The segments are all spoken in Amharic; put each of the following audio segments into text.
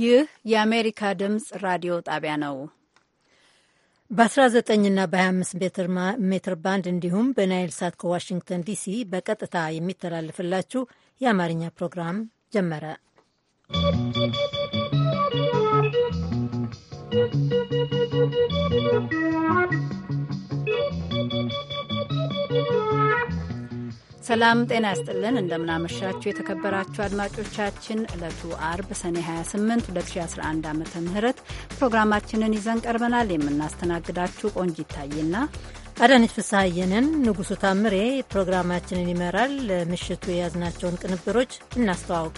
ይህ የአሜሪካ ድምፅ ራዲዮ ጣቢያ ነው። በ19ና በ25 ሜትር ባንድ እንዲሁም በናይል ሳት ከዋሽንግተን ዲሲ በቀጥታ የሚተላለፍላችሁ የአማርኛ ፕሮግራም ጀመረ። ሰላም ጤና ያስጥልን። እንደምናመሻችሁ የተከበራችሁ አድማጮቻችን፣ ዕለቱ አርብ ሰኔ 28 2011 ዓ ም ፕሮግራማችንን ይዘን ቀርበናል። የምናስተናግዳችሁ ቆንጅ ይታይና አዳነች ፍስሐየንን። ንጉሱ ታምሬ ፕሮግራማችንን ይመራል። ለምሽቱ የያዝናቸውን ቅንብሮች እናስተዋውቅ።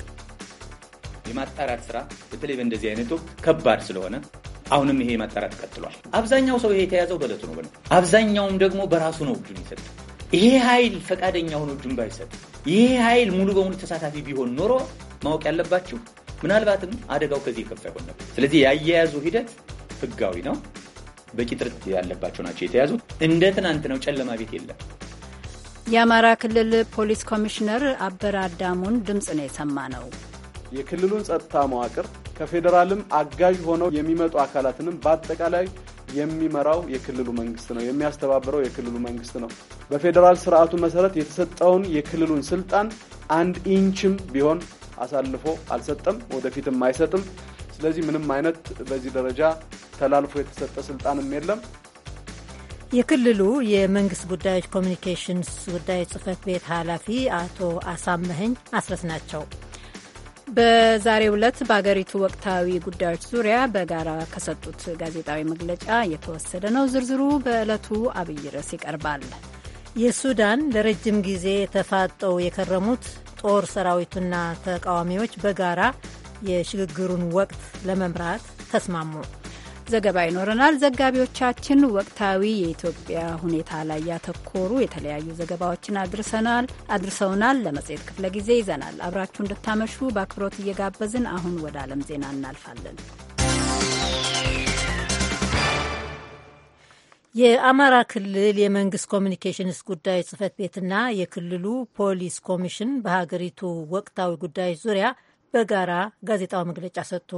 የማጣራት ስራ በተለይ በእንደዚህ አይነቱ ከባድ ስለሆነ አሁንም ይሄ ማጣራት ቀጥሏል። አብዛኛው ሰው ይሄ የተያዘው በለቱ ነው። አብዛኛውም ደግሞ በራሱ ነው እጁን ይሰጥ ይሄ ኃይል ፈቃደኛ ሆኖ እጁን ባይሰጥ፣ ይሄ ኃይል ሙሉ በሙሉ ተሳታፊ ቢሆን ኖሮ ማወቅ ያለባችሁ ምናልባትም አደጋው ከዚህ የከፋ ይሆን ነበር። ስለዚህ የአያያዙ ሂደት ህጋዊ ነው። በቂ ጥርት ያለባቸው ናቸው የተያዙት። እንደ ትናንት ነው፣ ጨለማ ቤት የለም። የአማራ ክልል ፖሊስ ኮሚሽነር አበረ አዳሙን ድምፅ ነው የሰማ ነው። የክልሉን ጸጥታ መዋቅር ከፌዴራልም አጋዥ ሆነው የሚመጡ አካላትንም በአጠቃላይ የሚመራው የክልሉ መንግስት ነው፣ የሚያስተባብረው የክልሉ መንግስት ነው። በፌዴራል ስርዓቱ መሰረት የተሰጠውን የክልሉን ስልጣን አንድ ኢንችም ቢሆን አሳልፎ አልሰጠም፣ ወደፊትም አይሰጥም። ስለዚህ ምንም አይነት በዚህ ደረጃ ተላልፎ የተሰጠ ስልጣንም የለም። የክልሉ የመንግስት ጉዳዮች ኮሚኒኬሽንስ ጉዳዮች ጽህፈት ቤት ኃላፊ አቶ አሳመህኝ አስረስ ናቸው። በዛሬው ዕለት በአገሪቱ ወቅታዊ ጉዳዮች ዙሪያ በጋራ ከሰጡት ጋዜጣዊ መግለጫ የተወሰደ ነው። ዝርዝሩ በዕለቱ አብይ ርዕስ ይቀርባል። የሱዳን ለረጅም ጊዜ ተፋጠው የከረሙት ጦር ሰራዊቱና ተቃዋሚዎች በጋራ የሽግግሩን ወቅት ለመምራት ተስማሙ። ዘገባ ይኖረናል። ዘጋቢዎቻችን ወቅታዊ የኢትዮጵያ ሁኔታ ላይ ያተኮሩ የተለያዩ ዘገባዎችን አድርሰናል አድርሰውናል። ለመጽሔት ክፍለ ጊዜ ይዘናል። አብራችሁ እንድታመሹ በአክብሮት እየጋበዝን አሁን ወደ ዓለም ዜና እናልፋለን። የአማራ ክልል የመንግስት ኮሚኒኬሽንስ ጉዳዮች ጽህፈት ቤትና የክልሉ ፖሊስ ኮሚሽን በሀገሪቱ ወቅታዊ ጉዳዮች ዙሪያ በጋራ ጋዜጣዊ መግለጫ ሰጡ።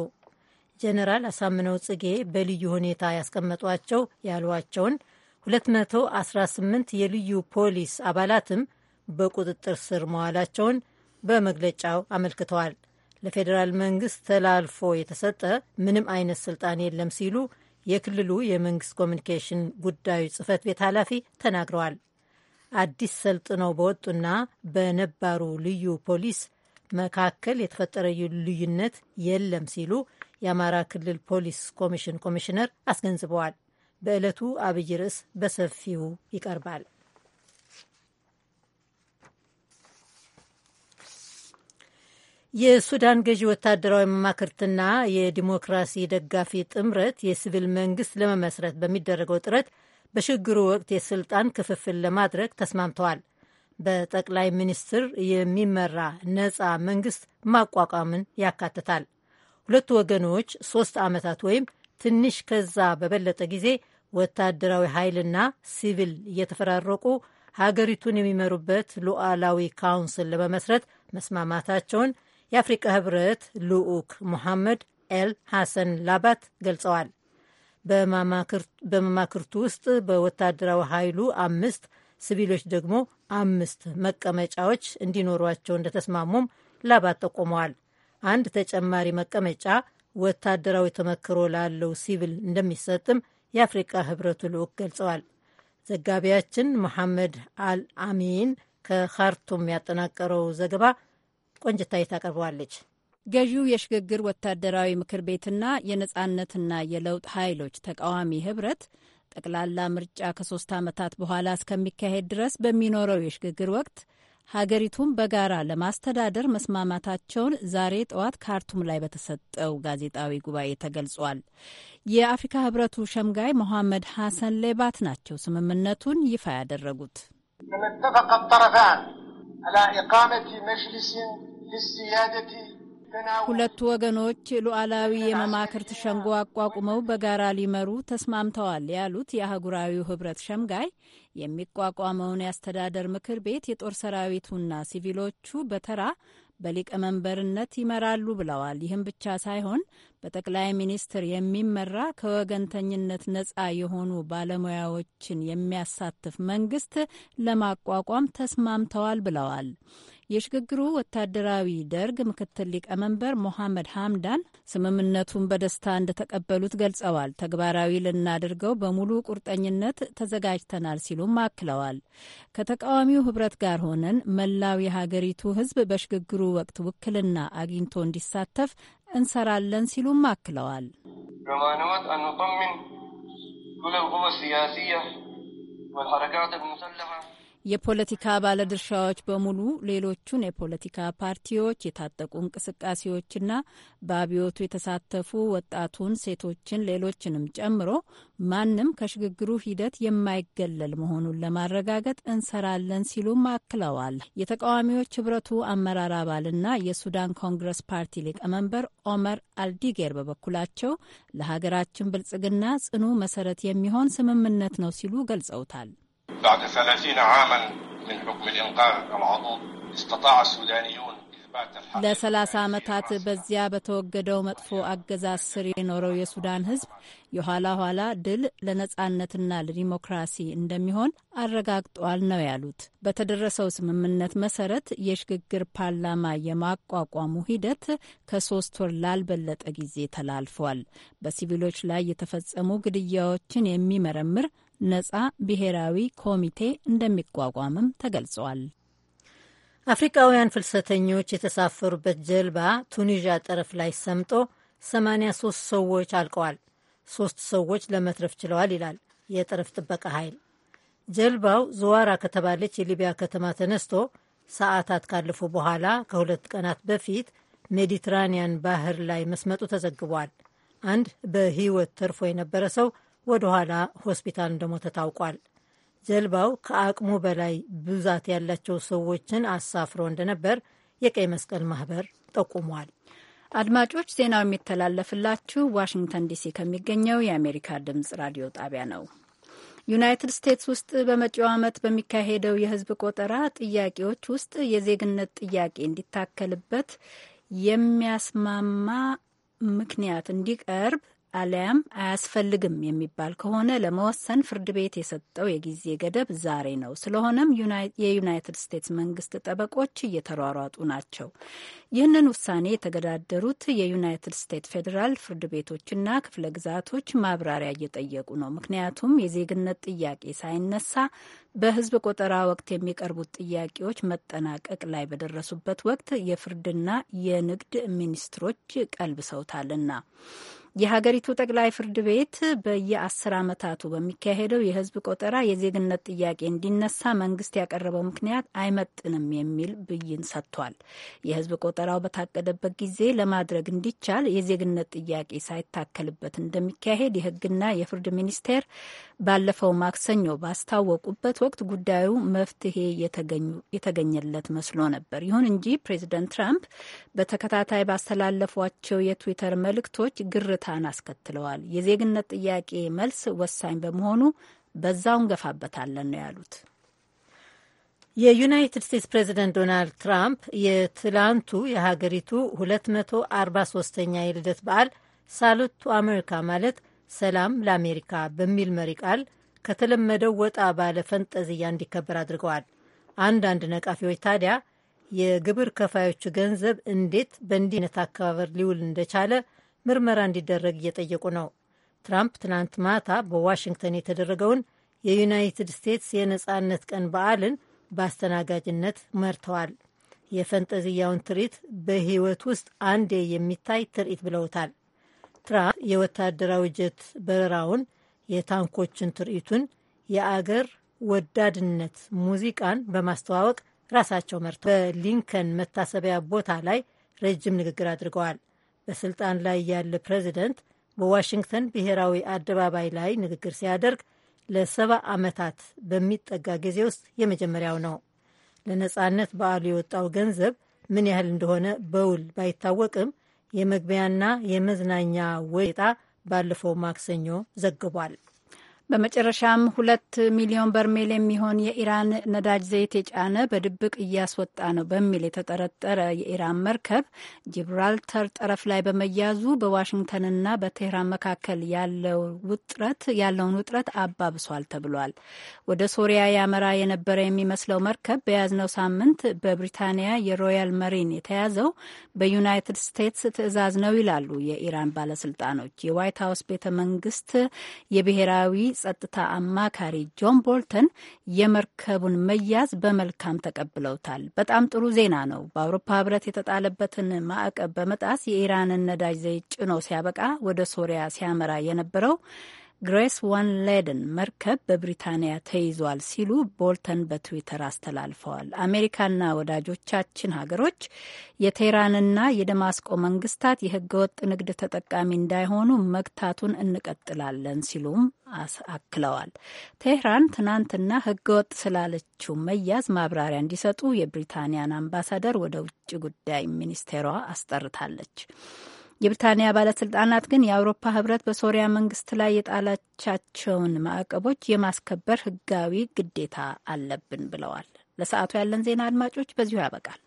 ጀኔራል አሳምነው ጽጌ በልዩ ሁኔታ ያስቀመጧቸው ያሏቸውን 218 የልዩ ፖሊስ አባላትም በቁጥጥር ስር መዋላቸውን በመግለጫው አመልክተዋል። ለፌዴራል መንግስት ተላልፎ የተሰጠ ምንም አይነት ስልጣን የለም ሲሉ የክልሉ የመንግስት ኮሚኒኬሽን ጉዳዮች ጽህፈት ቤት ኃላፊ ተናግረዋል። አዲስ ሰልጥነው በወጡና በነባሩ ልዩ ፖሊስ መካከል የተፈጠረ ልዩነት የለም ሲሉ የአማራ ክልል ፖሊስ ኮሚሽን ኮሚሽነር አስገንዝበዋል። በዕለቱ አብይ ርዕስ በሰፊው ይቀርባል። የሱዳን ገዢ ወታደራዊ መማክርትና የዲሞክራሲ ደጋፊ ጥምረት የሲቪል መንግስት ለመመስረት በሚደረገው ጥረት በሽግግሩ ወቅት የስልጣን ክፍፍል ለማድረግ ተስማምተዋል። በጠቅላይ ሚኒስትር የሚመራ ነፃ መንግስት ማቋቋምን ያካትታል። ሁለቱ ወገኖች ሶስት ዓመታት ወይም ትንሽ ከዛ በበለጠ ጊዜ ወታደራዊ ኃይልና ሲቪል እየተፈራረቁ ሀገሪቱን የሚመሩበት ሉዓላዊ ካውንስል ለመመስረት መስማማታቸውን የአፍሪቃ ህብረት ልዑክ ሙሐመድ ኤል ሐሰን ላባት ገልጸዋል። በመማክርቱ ውስጥ በወታደራዊ ኃይሉ አምስት፣ ሲቪሎች ደግሞ አምስት መቀመጫዎች እንዲኖሯቸው እንደተስማሙም ላባት ጠቁመዋል። አንድ ተጨማሪ መቀመጫ ወታደራዊ ተመክሮ ላለው ሲቪል እንደሚሰጥም የአፍሪቃ ህብረቱ ልዑክ ገልጸዋል። ዘጋቢያችን መሐመድ አልአሚን ከካርቱም ያጠናቀረው ዘገባ ቆንጅታዬ ታቀርበዋለች። ገዢው የሽግግር ወታደራዊ ምክር ቤትና የነጻነትና የለውጥ ኃይሎች ተቃዋሚ ህብረት ጠቅላላ ምርጫ ከሶስት ዓመታት በኋላ እስከሚካሄድ ድረስ በሚኖረው የሽግግር ወቅት ሀገሪቱን በጋራ ለማስተዳደር መስማማታቸውን ዛሬ ጠዋት ካርቱም ላይ በተሰጠው ጋዜጣዊ ጉባኤ ተገልጿል። የአፍሪካ ህብረቱ ሸምጋይ ሞሐመድ ሐሰን ሌባት ናቸው ስምምነቱን ይፋ ያደረጉት። ሁለቱ ወገኖች ሉዓላዊ የመማክርት ሸንጎ አቋቁመው በጋራ ሊመሩ ተስማምተዋል ያሉት የአህጉራዊው ህብረት ሸምጋይ የሚቋቋመውን የአስተዳደር ምክር ቤት የጦር ሰራዊቱና ሲቪሎቹ በተራ በሊቀመንበርነት ይመራሉ ብለዋል። ይህም ብቻ ሳይሆን በጠቅላይ ሚኒስትር የሚመራ ከወገንተኝነት ነጻ የሆኑ ባለሙያዎችን የሚያሳትፍ መንግስት ለማቋቋም ተስማምተዋል ብለዋል። የሽግግሩ ወታደራዊ ደርግ ምክትል ሊቀመንበር ሞሐመድ ሐምዳን ስምምነቱን በደስታ እንደተቀበሉት ገልጸዋል። ተግባራዊ ልናደርገው በሙሉ ቁርጠኝነት ተዘጋጅተናል ሲሉም አክለዋል። ከተቃዋሚው ህብረት ጋር ሆነን መላው የሀገሪቱ ህዝብ በሽግግሩ ወቅት ውክልና አግኝቶ እንዲሳተፍ እንሰራለን ሲሉም አክለዋል። የፖለቲካ ባለድርሻዎች በሙሉ ሌሎቹን የፖለቲካ ፓርቲዎች፣ የታጠቁ እንቅስቃሴዎችና በአብዮቱ የተሳተፉ ወጣቱን፣ ሴቶችን፣ ሌሎችንም ጨምሮ ማንም ከሽግግሩ ሂደት የማይገለል መሆኑን ለማረጋገጥ እንሰራለን ሲሉም አክለዋል። የተቃዋሚዎች ህብረቱ አመራር አባልና የሱዳን ኮንግረስ ፓርቲ ሊቀመንበር ኦመር አልዲጌር በበኩላቸው ለሀገራችን ብልጽግና ጽኑ መሰረት የሚሆን ስምምነት ነው ሲሉ ገልጸውታል። بعد ثلاثين عاما من حكم الإنقاذ العضوض استطاع السودانيون ለሰላሳ ዓመታት በዚያ በተወገደው መጥፎ አገዛዝ ስር የኖረው የሱዳን ሕዝብ የኋላ ኋላ ድል ለነጻነትና ለዲሞክራሲ እንደሚሆን አረጋግጧል ነው ያሉት። በተደረሰው ስምምነት መሰረት የሽግግር ፓርላማ የማቋቋሙ ሂደት ከሶስት ወር ላልበለጠ ጊዜ ተላልፏል። በሲቪሎች ላይ የተፈጸሙ ግድያዎችን የሚመረምር ነጻ ብሔራዊ ኮሚቴ እንደሚቋቋምም ተገልጿል። አፍሪካውያን ፍልሰተኞች የተሳፈሩበት ጀልባ ቱኒዥያ ጠረፍ ላይ ሰምጦ 83 ሰዎች አልቀዋል። ሶስት ሰዎች ለመትረፍ ችለዋል ይላል የጠረፍ ጥበቃ ኃይል። ጀልባው ዘዋራ ከተባለች የሊቢያ ከተማ ተነስቶ ሰዓታት ካለፉ በኋላ ከሁለት ቀናት በፊት ሜዲትራኒያን ባህር ላይ መስመጡ ተዘግቧል። አንድ በሕይወት ተርፎ የነበረ ሰው ወደ ኋላ ሆስፒታል እንደሞተ ታውቋል። ጀልባው ከአቅሙ በላይ ብዛት ያላቸው ሰዎችን አሳፍሮ እንደነበር የቀይ መስቀል ማህበር ጠቁሟል። አድማጮች ዜናው የሚተላለፍላችሁ ዋሽንግተን ዲሲ ከሚገኘው የአሜሪካ ድምጽ ራዲዮ ጣቢያ ነው። ዩናይትድ ስቴትስ ውስጥ በመጪው ዓመት በሚካሄደው የህዝብ ቆጠራ ጥያቄዎች ውስጥ የዜግነት ጥያቄ እንዲታከልበት የሚያስማማ ምክንያት እንዲቀርብ አሊያም አያስፈልግም የሚባል ከሆነ ለመወሰን ፍርድ ቤት የሰጠው የጊዜ ገደብ ዛሬ ነው። ስለሆነም የዩናይትድ ስቴትስ መንግስት ጠበቆች እየተሯሯጡ ናቸው። ይህንን ውሳኔ የተገዳደሩት የዩናይትድ ስቴትስ ፌዴራል ፍርድ ቤቶችና ክፍለ ግዛቶች ማብራሪያ እየጠየቁ ነው። ምክንያቱም የዜግነት ጥያቄ ሳይነሳ በህዝብ ቆጠራ ወቅት የሚቀርቡት ጥያቄዎች መጠናቀቅ ላይ በደረሱበት ወቅት የፍርድና የንግድ ሚኒስትሮች ቀልብሰውታልና የሀገሪቱ ጠቅላይ ፍርድ ቤት በየአስር ዓመታቱ በሚካሄደው የህዝብ ቆጠራ የዜግነት ጥያቄ እንዲነሳ መንግስት ያቀረበው ምክንያት አይመጥንም የሚል ብይን ሰጥቷል። የህዝብ ቆጠራው በታቀደበት ጊዜ ለማድረግ እንዲቻል የዜግነት ጥያቄ ሳይታከልበት እንደሚካሄድ የህግና የፍርድ ሚኒስቴር ባለፈው ማክሰኞ ባስታወቁበት ወቅት ጉዳዩ መፍትሄ የተገኘለት መስሎ ነበር። ይሁን እንጂ ፕሬዚደንት ትራምፕ በተከታታይ ባስተላለፏቸው የትዊተር መልእክቶች ግርታን አስከትለዋል። የዜግነት ጥያቄ መልስ ወሳኝ በመሆኑ በዛው እንገፋበታለን ነው ያሉት። የዩናይትድ ስቴትስ ፕሬዚደንት ዶናልድ ትራምፕ የትላንቱ የሀገሪቱ 243ኛ የልደት በዓል ሳሉት ቱ አሜሪካ ማለት ሰላም ለአሜሪካ በሚል መሪ ቃል ከተለመደው ወጣ ባለ ፈንጠዝያ እንዲከበር አድርገዋል። አንዳንድ ነቃፊዎች ታዲያ የግብር ከፋዮቹ ገንዘብ እንዴት በእንዲህ አይነት አከባበር ሊውል እንደቻለ ምርመራ እንዲደረግ እየጠየቁ ነው። ትራምፕ ትናንት ማታ በዋሽንግተን የተደረገውን የዩናይትድ ስቴትስ የነፃነት ቀን በዓልን በአስተናጋጅነት መርተዋል። የፈንጠዝያውን ትርኢት በሕይወት ውስጥ አንዴ የሚታይ ትርኢት ብለውታል። ትራምፕ የወታደራዊ ጀት በረራውን፣ የታንኮችን ትርኢቱን፣ የአገር ወዳድነት ሙዚቃን በማስተዋወቅ ራሳቸው መርተው በሊንከን መታሰቢያ ቦታ ላይ ረጅም ንግግር አድርገዋል። በስልጣን ላይ ያለ ፕሬዚደንት በዋሽንግተን ብሔራዊ አደባባይ ላይ ንግግር ሲያደርግ ለሰባ ዓመታት በሚጠጋ ጊዜ ውስጥ የመጀመሪያው ነው። ለነጻነት በዓሉ የወጣው ገንዘብ ምን ያህል እንደሆነ በውል ባይታወቅም የመግቢያና የመዝናኛ ወጣ ባለፈው ማክሰኞ ዘግቧል። በመጨረሻም ሁለት ሚሊዮን በርሜል የሚሆን የኢራን ነዳጅ ዘይት የጫነ በድብቅ እያስወጣ ነው በሚል የተጠረጠረ የኢራን መርከብ ጂብራልተር ጠረፍ ላይ በመያዙ በዋሽንግተንና በቴህራን መካከል ያለው ውጥረት ያለውን ውጥረት አባብሷል ተብሏል። ወደ ሶሪያ ያመራ የነበረ የሚመስለው መርከብ በያዝነው ሳምንት በብሪታንያ የሮያል መሪን የተያዘው በዩናይትድ ስቴትስ ትዕዛዝ ነው ይላሉ የኢራን ባለስልጣኖች። የዋይት ሀውስ ቤተ መንግስት የብሔራዊ የጸጥታ አማካሪ ጆን ቦልተን የመርከቡን መያዝ በመልካም ተቀብለውታል። በጣም ጥሩ ዜና ነው። በአውሮፓ ህብረት የተጣለበትን ማዕቀብ በመጣስ የኢራንን ነዳጅ ዘይት ጭኖ ሲያበቃ ወደ ሶሪያ ሲያመራ የነበረው ግሬስ ዋን ላይደን መርከብ በብሪታንያ ተይዟል ሲሉ ቦልተን በትዊተር አስተላልፈዋል። አሜሪካና ወዳጆቻችን ሀገሮች የቴህራንና የደማስቆ መንግስታት የህገወጥ ንግድ ተጠቃሚ እንዳይሆኑ መግታቱን እንቀጥላለን ሲሉም አክለዋል። ቴህራን ትናንትና ህገወጥ ስላለችው መያዝ ማብራሪያ እንዲሰጡ የብሪታንያን አምባሳደር ወደ ውጭ ጉዳይ ሚኒስቴሯ አስጠርታለች። የብሪታንያ ባለስልጣናት ግን የአውሮፓ ህብረት በሶሪያ መንግስት ላይ የጣላቻቸውን ማዕቀቦች የማስከበር ህጋዊ ግዴታ አለብን ብለዋል። ለሰዓቱ ያለን ዜና አድማጮች በዚሁ ያበቃል።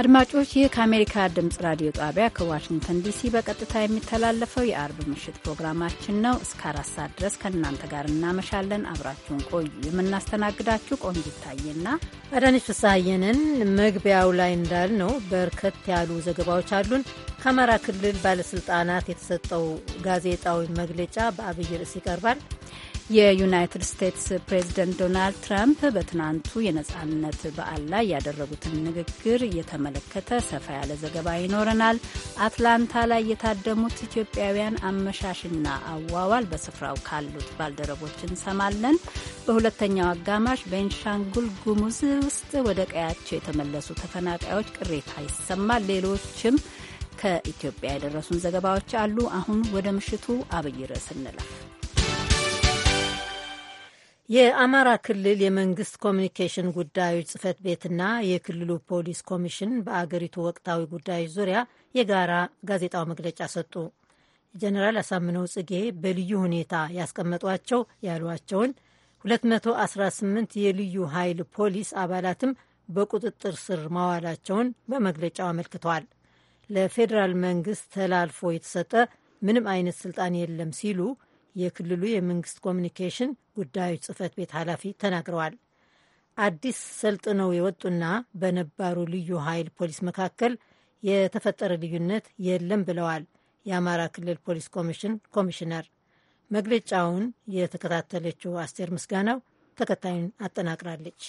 አድማጮች ይህ ከአሜሪካ ድምፅ ራዲዮ ጣቢያ ከዋሽንግተን ዲሲ በቀጥታ የሚተላለፈው የአርብ ምሽት ፕሮግራማችን ነው። እስከ አራት ሰዓት ድረስ ከእናንተ ጋር እናመሻለን። አብራችሁን ቆዩ። የምናስተናግዳችሁ ቆንጅ ይታየና አዳነች ፍስሐየንን። መግቢያው ላይ እንዳልነው በርከት ያሉ ዘገባዎች አሉን። ከአማራ ክልል ባለስልጣናት የተሰጠው ጋዜጣዊ መግለጫ በአብይ ርዕስ ይቀርባል። የዩናይትድ ስቴትስ ፕሬዝደንት ዶናልድ ትራምፕ በትናንቱ የነጻነት በዓል ላይ ያደረጉትን ንግግር እየተመለከተ ሰፋ ያለ ዘገባ ይኖረናል። አትላንታ ላይ የታደሙት ኢትዮጵያውያን አመሻሽና አዋዋል በስፍራው ካሉት ባልደረቦች እንሰማለን። በሁለተኛው አጋማሽ ቤንሻንጉል ጉሙዝ ውስጥ ወደ ቀያቸው የተመለሱ ተፈናቃዮች ቅሬታ ይሰማል። ሌሎችም ከኢትዮጵያ የደረሱን ዘገባዎች አሉ። አሁን ወደ ምሽቱ አብይ ርዕስ እንለፍ። የአማራ ክልል የመንግስት ኮሚኒኬሽን ጉዳዮች ጽህፈት ቤትና የክልሉ ፖሊስ ኮሚሽን በአገሪቱ ወቅታዊ ጉዳዮች ዙሪያ የጋራ ጋዜጣዊ መግለጫ ሰጡ። ጀኔራል አሳምነው ጽጌ በልዩ ሁኔታ ያስቀመጧቸው ያሏቸውን 218 የልዩ ኃይል ፖሊስ አባላትም በቁጥጥር ስር ማዋላቸውን በመግለጫው አመልክተዋል። ለፌዴራል መንግስት ተላልፎ የተሰጠ ምንም አይነት ስልጣን የለም ሲሉ የክልሉ የመንግስት ኮሚኒኬሽን ጉዳዮች ጽህፈት ቤት ኃላፊ ተናግረዋል። አዲስ ሰልጥነው የወጡና በነባሩ ልዩ ኃይል ፖሊስ መካከል የተፈጠረ ልዩነት የለም ብለዋል። የአማራ ክልል ፖሊስ ኮሚሽን ኮሚሽነር መግለጫውን የተከታተለችው አስቴር ምስጋናው ተከታዩን አጠናቅራለች።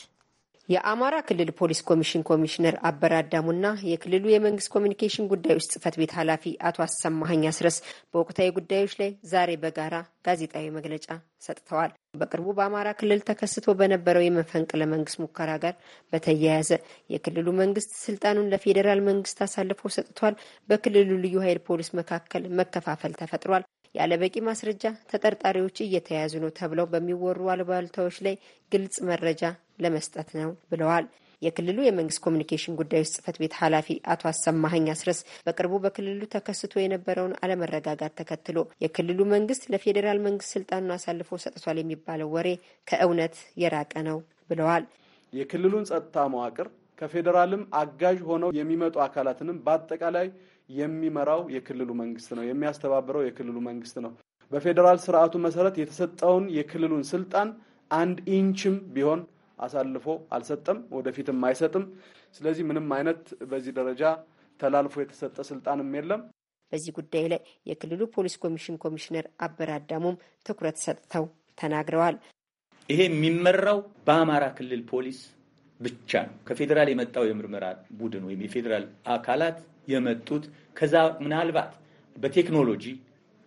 የአማራ ክልል ፖሊስ ኮሚሽን ኮሚሽነር አበረ አዳሙና የክልሉ የመንግስት ኮሚኒኬሽን ጉዳዮች ጽህፈት ቤት ኃላፊ አቶ አሰማሀኝ አስረስ በወቅታዊ ጉዳዮች ላይ ዛሬ በጋራ ጋዜጣዊ መግለጫ ሰጥተዋል። በቅርቡ በአማራ ክልል ተከስቶ በነበረው የመፈንቅለ መንግስት ሙከራ ጋር በተያያዘ የክልሉ መንግስት ስልጣኑን ለፌዴራል መንግስት አሳልፎ ሰጥቷል። በክልሉ ልዩ ኃይል ፖሊስ መካከል መከፋፈል ተፈጥሯል። ያለ በቂ ማስረጃ ተጠርጣሪዎች እየተያዙ ነው ተብለው በሚወሩ አልባልታዎች ላይ ግልጽ መረጃ ለመስጠት ነው ብለዋል። የክልሉ የመንግስት ኮሚኒኬሽን ጉዳዮች ጽህፈት ቤት ኃላፊ አቶ አሰማሀኝ አስረስ በቅርቡ በክልሉ ተከስቶ የነበረውን አለመረጋጋት ተከትሎ የክልሉ መንግስት ለፌዴራል መንግስት ስልጣኑን አሳልፎ ሰጥቷል የሚባለው ወሬ ከእውነት የራቀ ነው ብለዋል። የክልሉን ጸጥታ መዋቅር ከፌዴራልም አጋዥ ሆነው የሚመጡ አካላትንም በአጠቃላይ የሚመራው የክልሉ መንግስት ነው፣ የሚያስተባብረው የክልሉ መንግስት ነው። በፌዴራል ስርዓቱ መሰረት የተሰጠውን የክልሉን ስልጣን አንድ ኢንችም ቢሆን አሳልፎ አልሰጠም፣ ወደፊትም አይሰጥም። ስለዚህ ምንም አይነት በዚህ ደረጃ ተላልፎ የተሰጠ ስልጣንም የለም። በዚህ ጉዳይ ላይ የክልሉ ፖሊስ ኮሚሽን ኮሚሽነር አበራዳሙም አዳሙም ትኩረት ሰጥተው ተናግረዋል። ይሄ የሚመራው በአማራ ክልል ፖሊስ ብቻ ነው። ከፌዴራል የመጣው የምርመራ ቡድን ወይም የፌዴራል አካላት የመጡት ከዛ ምናልባት በቴክኖሎጂ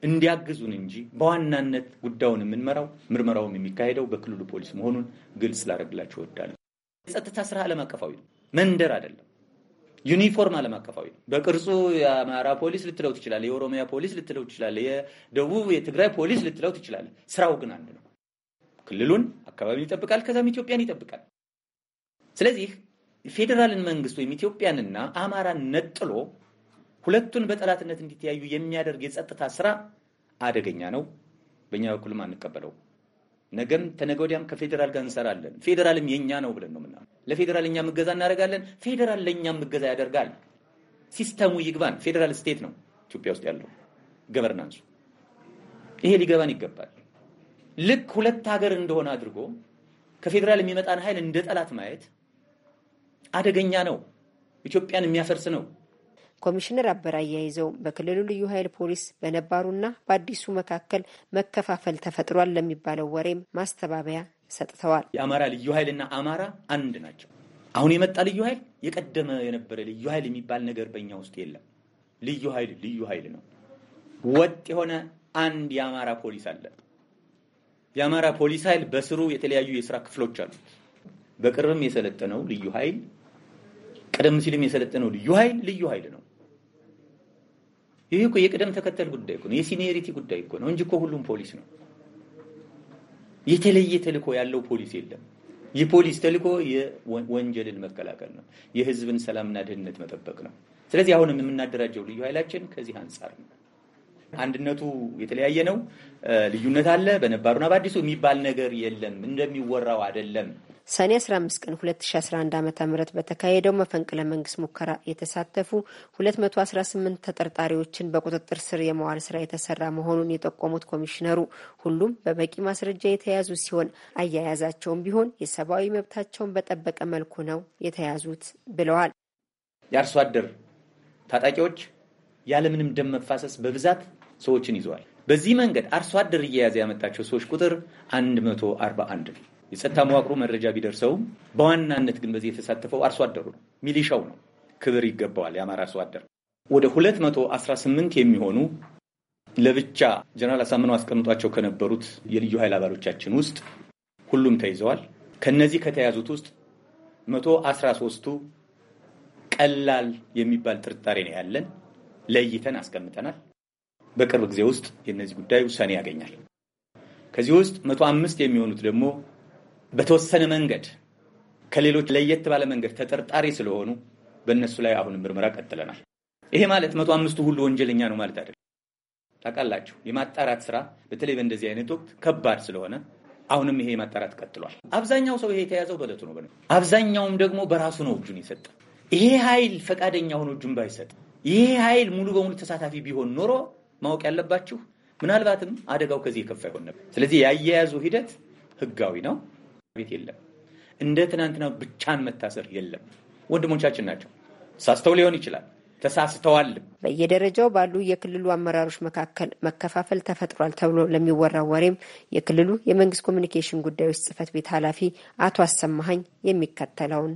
እንዲያግዙን እንጂ በዋናነት ጉዳዩን የምንመራው ምርመራውም የሚካሄደው በክልሉ ፖሊስ መሆኑን ግልጽ ላደርግላችሁ እወዳለሁ። የጸጥታ ስራ ዓለም አቀፋዊ ነው፣ መንደር አይደለም። ዩኒፎርም ዓለም አቀፋዊ ነው። በቅርጹ የአማራ ፖሊስ ልትለው ትችላለህ፣ የኦሮሚያ ፖሊስ ልትለው ትችላለህ፣ የደቡብ የትግራይ ፖሊስ ልትለው ትችላለህ። ስራው ግን አንድ ነው። ክልሉን፣ አካባቢን ይጠብቃል፣ ከዛም ኢትዮጵያን ይጠብቃል። ስለዚህ ፌዴራልን መንግስት ወይም ኢትዮጵያንና አማራን ነጥሎ ሁለቱን በጠላትነት እንዲተያዩ የሚያደርግ የጸጥታ ስራ አደገኛ ነው። በእኛ በኩልም አንቀበለው። ነገም ተነገ ወዲያም ከፌዴራል ጋር እንሰራለን። ፌዴራልም የኛ ነው ብለን ነው ምና ለፌዴራል እኛም እገዛ እናደርጋለን። ፌዴራል ለእኛም እገዛ ያደርጋል። ሲስተሙ ይግባን። ፌዴራል ስቴት ነው ኢትዮጵያ ውስጥ ያለው ገቨርናንሱ። ይሄ ሊገባን ይገባል። ልክ ሁለት ሀገር እንደሆነ አድርጎ ከፌዴራል የሚመጣን ኃይል እንደ ጠላት ማየት አደገኛ ነው፣ ኢትዮጵያን የሚያፈርስ ነው። ኮሚሽነር አበራ አያይዘው በክልሉ ልዩ ኃይል ፖሊስ በነባሩና በአዲሱ መካከል መከፋፈል ተፈጥሯል ለሚባለው ወሬም ማስተባበያ ሰጥተዋል። የአማራ ልዩ ኃይልና አማራ አንድ ናቸው። አሁን የመጣ ልዩ ኃይል የቀደመ የነበረ ልዩ ኃይል የሚባል ነገር በእኛ ውስጥ የለም። ልዩ ኃይል ልዩ ኃይል ነው። ወጥ የሆነ አንድ የአማራ ፖሊስ አለ። የአማራ ፖሊስ ኃይል በስሩ የተለያዩ የስራ ክፍሎች አሉት። በቅርብም የሰለጠነው ልዩ ኃይል ቀደም ሲልም የሰለጠነው ልዩ ኃይል ልዩ ኃይል ነው። ይህ እኮ የቅደም ተከተል ጉዳይ እኮ ነው። የሲኒየሪቲ ጉዳይ እኮ ነው እንጂ እኮ ሁሉም ፖሊስ ነው። የተለየ ተልእኮ ያለው ፖሊስ የለም። የፖሊስ ተልእኮ የወንጀልን መከላከል ነው። የህዝብን ሰላምና ደህንነት መጠበቅ ነው። ስለዚህ አሁንም የምናደራጀው ልዩ ኃይላችን ከዚህ አንጻር ነው። አንድነቱ የተለያየ ነው፣ ልዩነት አለ። በነባሩና በአዲሱ የሚባል ነገር የለም። እንደሚወራው አይደለም። ሰኔ 15 ቀን 2011 ዓ ም በተካሄደው መፈንቅለ መንግስት ሙከራ የተሳተፉ 218 ተጠርጣሪዎችን በቁጥጥር ስር የመዋል ስራ የተሰራ መሆኑን የጠቆሙት ኮሚሽነሩ ሁሉም በበቂ ማስረጃ የተያዙ ሲሆን አያያዛቸውም ቢሆን የሰብአዊ መብታቸውን በጠበቀ መልኩ ነው የተያዙት ብለዋል። የአርሶ አደር ታጣቂዎች ያለምንም ደም መፋሰስ በብዛት ሰዎችን ይዘዋል። በዚህ መንገድ አርሶ አደር እየያዘ ያመጣቸው ሰዎች ቁጥር 141 ነው። የጸጥታ መዋቅሩ መረጃ ቢደርሰውም በዋናነት ግን በዚህ የተሳተፈው አርሶ አደሩ ነው፣ ሚሊሻው ነው። ክብር ይገባዋል የአማራ አርሶ አደር። ወደ 218 የሚሆኑ ለብቻ ጀነራል አሳምነው አስቀምጧቸው ከነበሩት የልዩ ኃይል አባሎቻችን ውስጥ ሁሉም ተይዘዋል። ከነዚህ ከተያዙት ውስጥ መቶ አስራ ሶስቱ ቀላል የሚባል ጥርጣሬ ነው ያለን፣ ለይተን አስቀምጠናል። በቅርብ ጊዜ ውስጥ የእነዚህ ጉዳይ ውሳኔ ያገኛል። ከዚህ ውስጥ መቶ አምስት የሚሆኑት ደግሞ በተወሰነ መንገድ ከሌሎች ለየት ባለ መንገድ ተጠርጣሪ ስለሆኑ በእነሱ ላይ አሁን ምርመራ ቀጥለናል። ይሄ ማለት መቶ አምስቱ ሁሉ ወንጀለኛ ነው ማለት አይደለም። ታውቃላችሁ፣ የማጣራት ስራ በተለይ በእንደዚህ አይነት ወቅት ከባድ ስለሆነ አሁንም ይሄ ማጣራት ቀጥሏል። አብዛኛው ሰው ይሄ የተያዘው በለቱ ነው። አብዛኛውም ደግሞ በራሱ ነው እጁን የሰጠ። ይሄ ኃይል ፈቃደኛ ሆኖ እጁን ባይሰጥ፣ ይሄ ኃይል ሙሉ በሙሉ ተሳታፊ ቢሆን ኖሮ ማወቅ ያለባችሁ ምናልባትም አደጋው ከዚህ የከፋ ይሆን ነበር። ስለዚህ የአያያዙ ሂደት ህጋዊ ነው። ቤት የለም። እንደ ትናንትና ብቻን መታሰር የለም። ወንድሞቻችን ናቸው። ሳስተው ሊሆን ይችላል ተሳስተዋል። በየደረጃው ባሉ የክልሉ አመራሮች መካከል መከፋፈል ተፈጥሯል ተብሎ ለሚወራው ወሬም የክልሉ የመንግስት ኮሚኒኬሽን ጉዳዮች ጽህፈት ቤት ኃላፊ አቶ አሰማሀኝ የሚከተለውን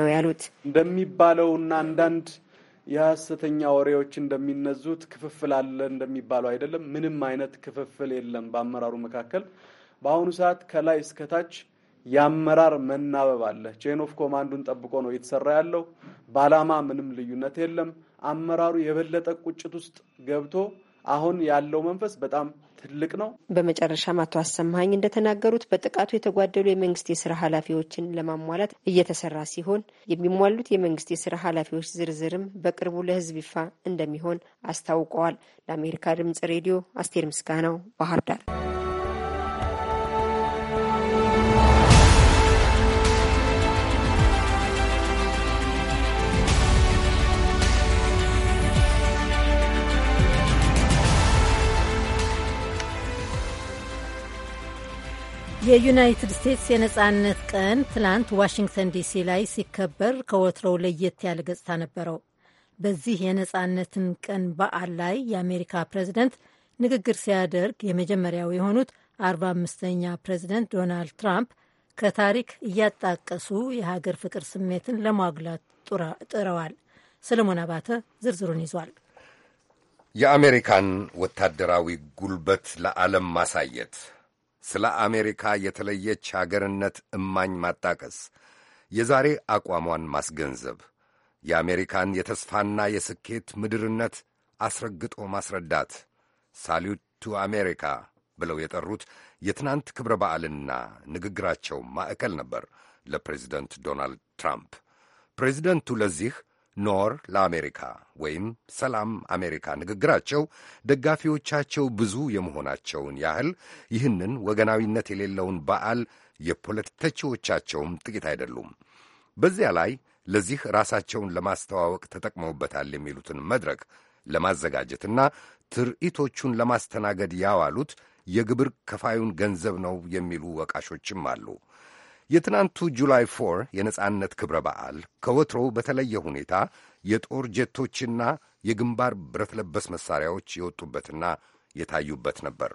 ነው ያሉት። እንደሚባለው እና አንዳንድ የሀሰተኛ ወሬዎች እንደሚነዙት ክፍፍል አለ እንደሚባለው አይደለም። ምንም አይነት ክፍፍል የለም በአመራሩ መካከል በአሁኑ ሰዓት ከላይ እስከታች የአመራር መናበብ አለ። ቼን ኦፍ ኮማንዱን ጠብቆ ነው እየተሰራ ያለው። በዓላማ ምንም ልዩነት የለም። አመራሩ የበለጠ ቁጭት ውስጥ ገብቶ አሁን ያለው መንፈስ በጣም ትልቅ ነው። በመጨረሻም አቶ አሰማኝ እንደተናገሩት በጥቃቱ የተጓደሉ የመንግስት የስራ ኃላፊዎችን ለማሟላት እየተሰራ ሲሆን የሚሟሉት የመንግስት የስራ ኃላፊዎች ዝርዝርም በቅርቡ ለህዝብ ይፋ እንደሚሆን አስታውቀዋል። ለአሜሪካ ድምጽ ሬዲዮ አስቴር ምስጋናው ባህር ዳር የዩናይትድ ስቴትስ የነጻነት ቀን ትላንት ዋሽንግተን ዲሲ ላይ ሲከበር ከወትሮው ለየት ያለ ገጽታ ነበረው። በዚህ የነጻነትን ቀን በዓል ላይ የአሜሪካ ፕሬዝደንት ንግግር ሲያደርግ የመጀመሪያው የሆኑት 45 አምስተኛ ፕሬዝደንት ዶናልድ ትራምፕ ከታሪክ እያጣቀሱ የሀገር ፍቅር ስሜትን ለማጉላት ጥረዋል። ሰለሞን አባተ ዝርዝሩን ይዟል። የአሜሪካን ወታደራዊ ጉልበት ለዓለም ማሳየት ስለ አሜሪካ የተለየች አገርነት እማኝ ማጣቀስ፣ የዛሬ አቋሟን ማስገንዘብ፣ የአሜሪካን የተስፋና የስኬት ምድርነት አስረግጦ ማስረዳት ሳሉት ቱ አሜሪካ ብለው የጠሩት የትናንት ክብረ በዓልና ንግግራቸው ማዕከል ነበር ለፕሬዚደንት ዶናልድ ትራምፕ። ፕሬዚደንቱ ለዚህ ኖር ለአሜሪካ ወይም ሰላም አሜሪካ ንግግራቸው ደጋፊዎቻቸው ብዙ የመሆናቸውን ያህል ይህንን ወገናዊነት የሌለውን በዓል የፖለቲተቺዎቻቸውም ጥቂት አይደሉም። በዚያ ላይ ለዚህ ራሳቸውን ለማስተዋወቅ ተጠቅመውበታል የሚሉትን መድረክ ለማዘጋጀትና ትርኢቶቹን ለማስተናገድ ያዋሉት የግብር ከፋዩን ገንዘብ ነው የሚሉ ወቃሾችም አሉ። የትናንቱ ጁላይ ፎር የነጻነት ክብረ በዓል ከወትሮው በተለየ ሁኔታ የጦር ጀቶችና የግንባር ብረት ለበስ መሳሪያዎች የወጡበትና የታዩበት ነበር።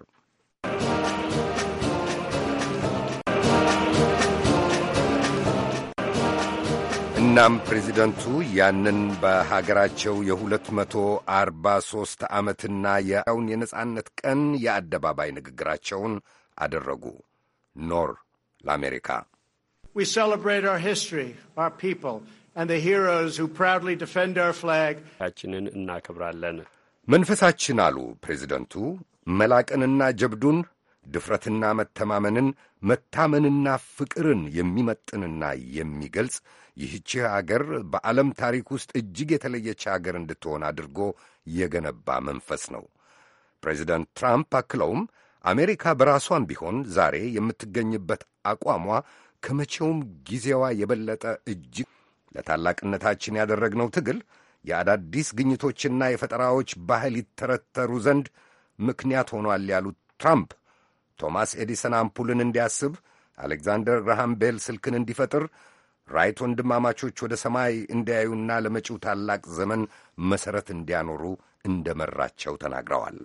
እናም ፕሬዚደንቱ ያንን በሀገራቸው የ243 ዓመትና የውን የነጻነት ቀን የአደባባይ ንግግራቸውን አደረጉ። ኖር ለአሜሪካ we celebrate our history, our people, and the heroes who proudly defend our flag. መንፈሳችን አሉ ፕሬዚደንቱ መላቅንና ጀብዱን ድፍረትና መተማመንን መታመንና ፍቅርን የሚመጥንና የሚገልጽ ይህች አገር በዓለም ታሪክ ውስጥ እጅግ የተለየች አገር እንድትሆን አድርጎ የገነባ መንፈስ ነው። ፕሬዚደንት ትራምፕ አክለውም አሜሪካ በራሷን ቢሆን ዛሬ የምትገኝበት አቋሟ ከመቼውም ጊዜዋ የበለጠ እጅግ ለታላቅነታችን ያደረግነው ትግል የአዳዲስ ግኝቶችና የፈጠራዎች ባህል ይተረተሩ ዘንድ ምክንያት ሆኗል ያሉት ትራምፕ ቶማስ ኤዲሰን አምፑልን እንዲያስብ፣ አሌክዛንደር ግርሃም ቤል ስልክን እንዲፈጥር፣ ራይት ወንድማማቾች ወደ ሰማይ እንዲያዩና ለመጪው ታላቅ ዘመን መሠረት እንዲያኖሩ እንደ መራቸው ተናግረዋል።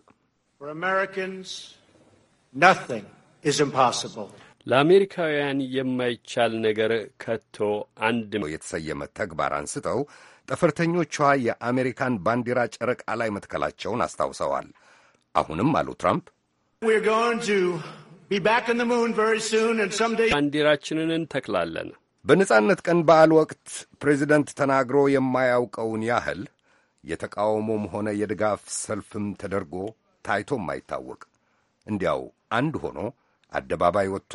ለአሜሪካውያን የማይቻል ነገር ከቶ አንድ ነው የተሰየመ ተግባር አንስተው ጠፈርተኞቿ የአሜሪካን ባንዲራ ጨረቃ ላይ መትከላቸውን አስታውሰዋል። አሁንም አሉ ትራምፕ ባንዲራችንን እንተክላለን። በነጻነት ቀን በዓል ወቅት ፕሬዚደንት ተናግሮ የማያውቀውን ያህል የተቃውሞም ሆነ የድጋፍ ሰልፍም ተደርጎ ታይቶም አይታወቅ እንዲያው አንድ ሆኖ አደባባይ ወጥቶ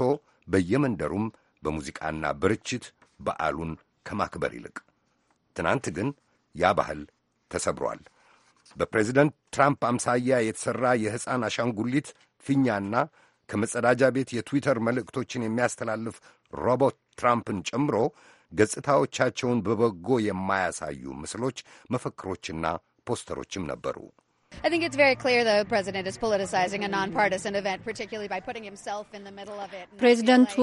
በየመንደሩም በሙዚቃና በርችት በዓሉን ከማክበር ይልቅ ትናንት ግን ያ ባህል ተሰብሯል። በፕሬዚደንት ትራምፕ አምሳያ የተሠራ የሕፃን አሻንጉሊት ፊኛና ከመጸዳጃ ቤት የትዊተር መልእክቶችን የሚያስተላልፍ ሮቦት ትራምፕን ጨምሮ ገጽታዎቻቸውን በበጎ የማያሳዩ ምስሎች፣ መፈክሮችና ፖስተሮችም ነበሩ። ፕሬዚደንቱ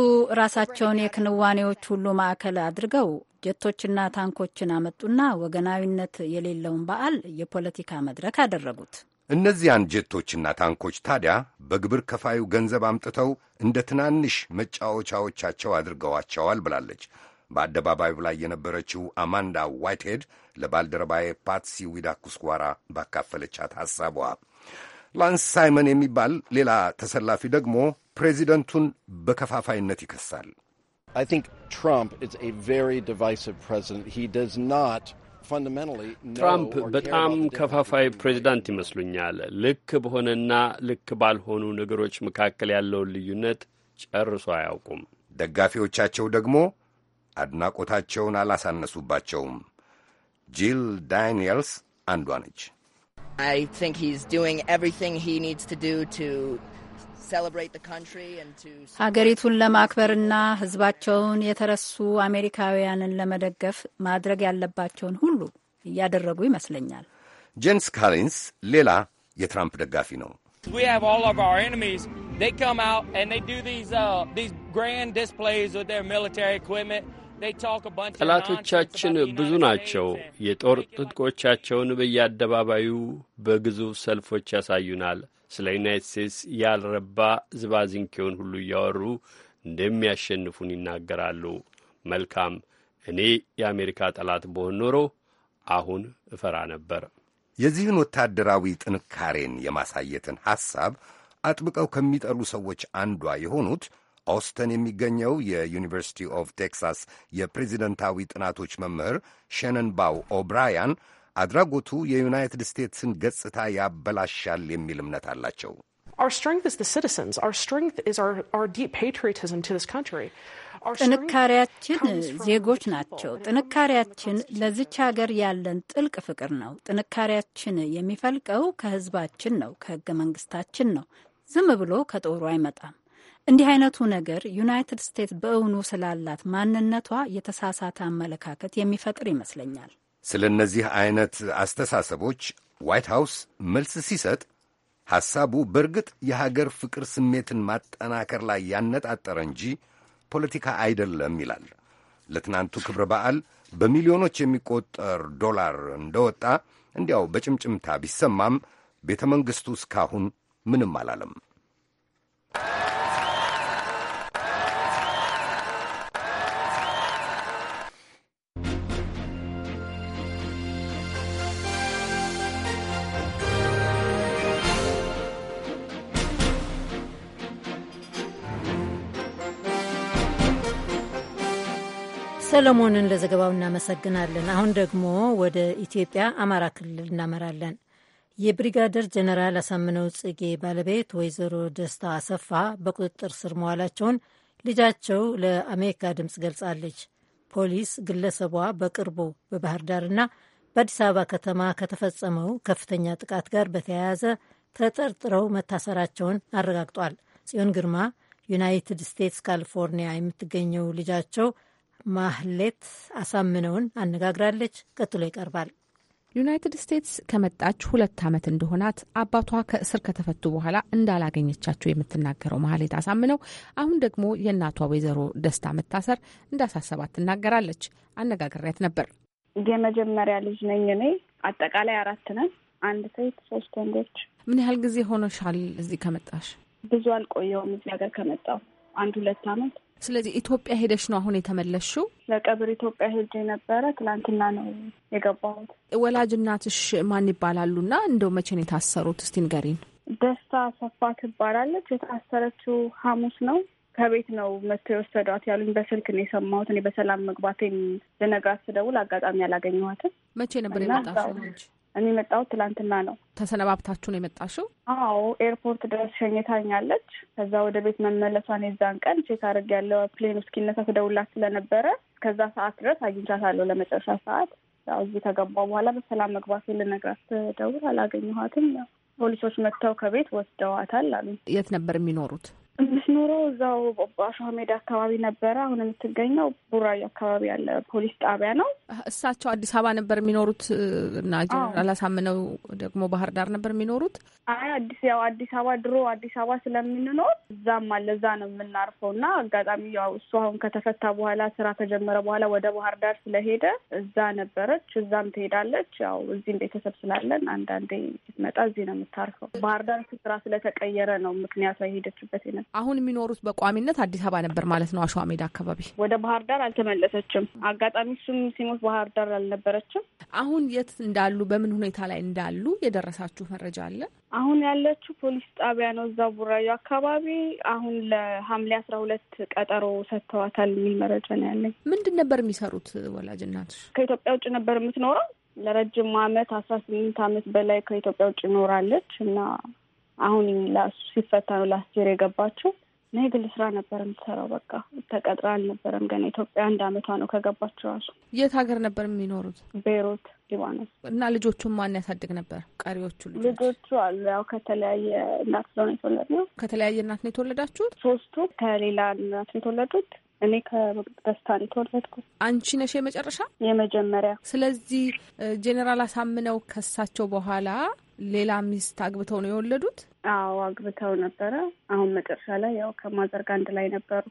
ራሳቸውን የክንዋኔዎች ሁሉ ማዕከል አድርገው ጀቶችና ታንኮችን አመጡና ወገናዊነት የሌለውን በዓል የፖለቲካ መድረክ አደረጉት። እነዚያን ጀቶችና ታንኮች ታዲያ በግብር ከፋዩ ገንዘብ አምጥተው እንደ ትናንሽ መጫወቻዎቻቸው አድርገዋቸዋል ብላለች በአደባባዩ ላይ የነበረችው አማንዳ ዋይትሄድ ለባልደረባዬ ፓትሲ ዊዳኩስኳራ ባካፈለቻት ሐሳቧ፣ ላንስ ሳይመን የሚባል ሌላ ተሰላፊ ደግሞ ፕሬዚደንቱን በከፋፋይነት ይከሳል። ትራምፕ በጣም ከፋፋይ ፕሬዚዳንት ይመስሉኛል። ልክ በሆነና ልክ ባልሆኑ ነገሮች መካከል ያለውን ልዩነት ጨርሶ አያውቁም። ደጋፊዎቻቸው ደግሞ አድናቆታቸውን አላሳነሱባቸውም። ጂል ዳንኤልስ አንዷ ነች። ሀገሪቱን ለማክበርና ሕዝባቸውን የተረሱ አሜሪካውያንን ለመደገፍ ማድረግ ያለባቸውን ሁሉ እያደረጉ ይመስለኛል። ጄንስ ካሊንስ ሌላ የትራምፕ ደጋፊ ነው። ጠላቶቻችን ብዙ ናቸው። የጦር ትጥቆቻቸውን በየአደባባዩ በግዙፍ ሰልፎች ያሳዩናል። ስለ ዩናይት ስቴትስ ያልረባ ዝባዝንኬውን ሁሉ እያወሩ እንደሚያሸንፉን ይናገራሉ። መልካም፣ እኔ የአሜሪካ ጠላት በሆን ኖሮ አሁን እፈራ ነበር። የዚህን ወታደራዊ ጥንካሬን የማሳየትን ሐሳብ አጥብቀው ከሚጠሉ ሰዎች አንዷ የሆኑት ኦስተን የሚገኘው የዩኒቨርሲቲ ኦፍ ቴክሳስ የፕሬዚደንታዊ ጥናቶች መምህር ሸነን ባው ኦብራያን አድራጎቱ የዩናይትድ ስቴትስን ገጽታ ያበላሻል የሚል እምነት አላቸው። ጥንካሬያችን ዜጎች ናቸው። ጥንካሬያችን ለዚች ሀገር ያለን ጥልቅ ፍቅር ነው። ጥንካሬያችን የሚፈልቀው ከህዝባችን ነው፣ ከህገ መንግስታችን ነው። ዝም ብሎ ከጦሩ አይመጣም። እንዲህ አይነቱ ነገር ዩናይትድ ስቴትስ በእውኑ ስላላት ማንነቷ የተሳሳተ አመለካከት የሚፈጥር ይመስለኛል። ስለ እነዚህ አይነት አስተሳሰቦች ዋይት ሃውስ መልስ ሲሰጥ ሐሳቡ በእርግጥ የሀገር ፍቅር ስሜትን ማጠናከር ላይ ያነጣጠረ እንጂ ፖለቲካ አይደለም ይላል። ለትናንቱ ክብረ በዓል በሚሊዮኖች የሚቆጠር ዶላር እንደወጣ እንዲያው በጭምጭምታ ቢሰማም ቤተ መንግሥቱ እስካሁን ምንም አላለም። ሰለሞንን ለዘገባው እናመሰግናለን። አሁን ደግሞ ወደ ኢትዮጵያ አማራ ክልል እናመራለን። የብሪጋደር ጀነራል አሳምነው ጽጌ ባለቤት ወይዘሮ ደስታ አሰፋ በቁጥጥር ስር መዋላቸውን ልጃቸው ለአሜሪካ ድምፅ ገልጻለች። ፖሊስ ግለሰቧ በቅርቡ በባህር ዳርና በአዲስ አበባ ከተማ ከተፈጸመው ከፍተኛ ጥቃት ጋር በተያያዘ ተጠርጥረው መታሰራቸውን አረጋግጧል። ጽዮን ግርማ ዩናይትድ ስቴትስ ካሊፎርኒያ የምትገኘው ልጃቸው ማህሌት አሳምነውን አነጋግራለች። ቀጥሎ ይቀርባል። ዩናይትድ ስቴትስ ከመጣች ሁለት ዓመት እንደሆናት አባቷ ከእስር ከተፈቱ በኋላ እንዳላገኘቻቸው የምትናገረው ማህሌት አሳምነው አሁን ደግሞ የእናቷ ወይዘሮ ደስታ መታሰር እንዳሳሰባት ትናገራለች። አነጋግሬያት ነበር። የመጀመሪያ ልጅ ነኝ እኔ። አጠቃላይ አራት ነን፣ አንድ ሴት፣ ሶስት ወንዶች። ምን ያህል ጊዜ ሆኖሻል እዚህ ከመጣሽ? ብዙ አልቆየውም እዚህ ሀገር ከመጣው አንድ ሁለት ዓመት ስለዚህ ኢትዮጵያ ሄደሽ ነው አሁን የተመለሽው? ለቀብር ኢትዮጵያ ሄጄ ነበረ። ትላንትና ነው የገባሁት። ወላጅ እናትሽ ማን ይባላሉና እንደው መቼ ነው የታሰሩት? እስቲ ንገሪን። ደስታ ሰፋ ትባላለች። የታሰረችው ሐሙስ ነው። ከቤት ነው መቶ የወሰዷት ያሉኝ። በስልክ ነው የሰማሁት። እኔ በሰላም መግባቴን ልነግራት ስደውል አጋጣሚ አላገኘኋትም። መቼ ነበር የመጣሽ? እኔ የመጣሁት ትላንትና ነው። ተሰነባብታችሁ ነው የመጣሽው? አዎ ኤርፖርት ድረስ ሸኝታኛለች። ከዛ ወደ ቤት መመለሷን የዛን ቀን ቼክ አድርግ ያለው ፕሌን እስኪነሳ ትደውላት ስለነበረ ከዛ ሰዓት ድረስ አግኝቻታለሁ። ለመጨረሻ ሰዓት ያው እዚህ ከገባ በኋላ በሰላም መግባት ልነግራት ስደውል አላገኘኋትም። ፖሊሶች መጥተው ከቤት ወስደዋታል አሉ። የት ነበር የሚኖሩት? የምትኖረው እዛው አሸዋ ሜዳ አካባቢ ነበረ። አሁን የምትገኘው ቡራዩ አካባቢ ያለ ፖሊስ ጣቢያ ነው። እሳቸው አዲስ አበባ ነበር የሚኖሩት እና ጀነራል አሳምነው ደግሞ ባህር ዳር ነበር የሚኖሩት። አይ አዲስ ያው አዲስ አበባ ድሮ አዲስ አበባ ስለምንኖር እዛም አለ እዛ ነው የምናርፈው እና አጋጣሚ ያው እሱ አሁን ከተፈታ በኋላ ስራ ከጀመረ በኋላ ወደ ባህር ዳር ስለሄደ እዛ ነበረች፣ እዛም ትሄዳለች። ያው እዚህም ቤተሰብ ስላለን አንዳንዴ ስትመጣ እዚህ ነው የምታርፈው። ባህር ዳር ስራ ስለተቀየረ ነው ምክንያቱ የሄደችበት የነበረ አሁን የሚኖሩት በቋሚነት አዲስ አበባ ነበር ማለት ነው። አሸዋ ሜዳ አካባቢ ወደ ባህር ዳር አልተመለሰችም። አጋጣሚ እሱም ሲሞት ባህር ዳር አልነበረችም። አሁን የት እንዳሉ በምን ሁኔታ ላይ እንዳሉ የደረሳችሁ መረጃ አለ? አሁን ያለችው ፖሊስ ጣቢያ ነው፣ እዛ ቡራዩ አካባቢ። አሁን ለሐምሌ አስራ ሁለት ቀጠሮ ሰጥተዋታል የሚል መረጃ ነው ያለኝ። ምንድን ነበር የሚሰሩት ወላጅ እናት? ከኢትዮጵያ ውጭ ነበር የምትኖረው ለረጅም አመት አስራ ስምንት አመት በላይ ከኢትዮጵያ ውጭ ኖራለች እና አሁን ሲፈታ ሲፈታ ላስት ይር የገባችው እና የግል ስራ ነበር የምትሰራው። በቃ ተቀጥራ አልነበረም ገና ኢትዮጵያ አንድ አመቷ ነው ከገባች ራሱ። የት ሀገር ነበር የሚኖሩት? ቤይሩት ሊባኖስ። እና ልጆቹን ማን ያሳድግ ነበር? ቀሪዎቹ ልጆቹ አሉ ያው ከተለያየ እናት ስለሆነ የተወለድነው። ከተለያየ እናት ነው የተወለዳችሁት? ሶስቱ ከሌላ እናት ነው የተወለዱት። እኔ ከደስታ ነው የተወለድኩት። አንቺ ነሽ የመጨረሻ? የመጀመሪያ። ስለዚህ ጄኔራል አሳምነው ከሳቸው በኋላ ሌላ ሚስት አግብተው ነው የወለዱት? አዎ አግብተው ነበረ። አሁን መጨረሻ ላይ ያው ከማዘር ጋር አንድ ላይ ነበሩ።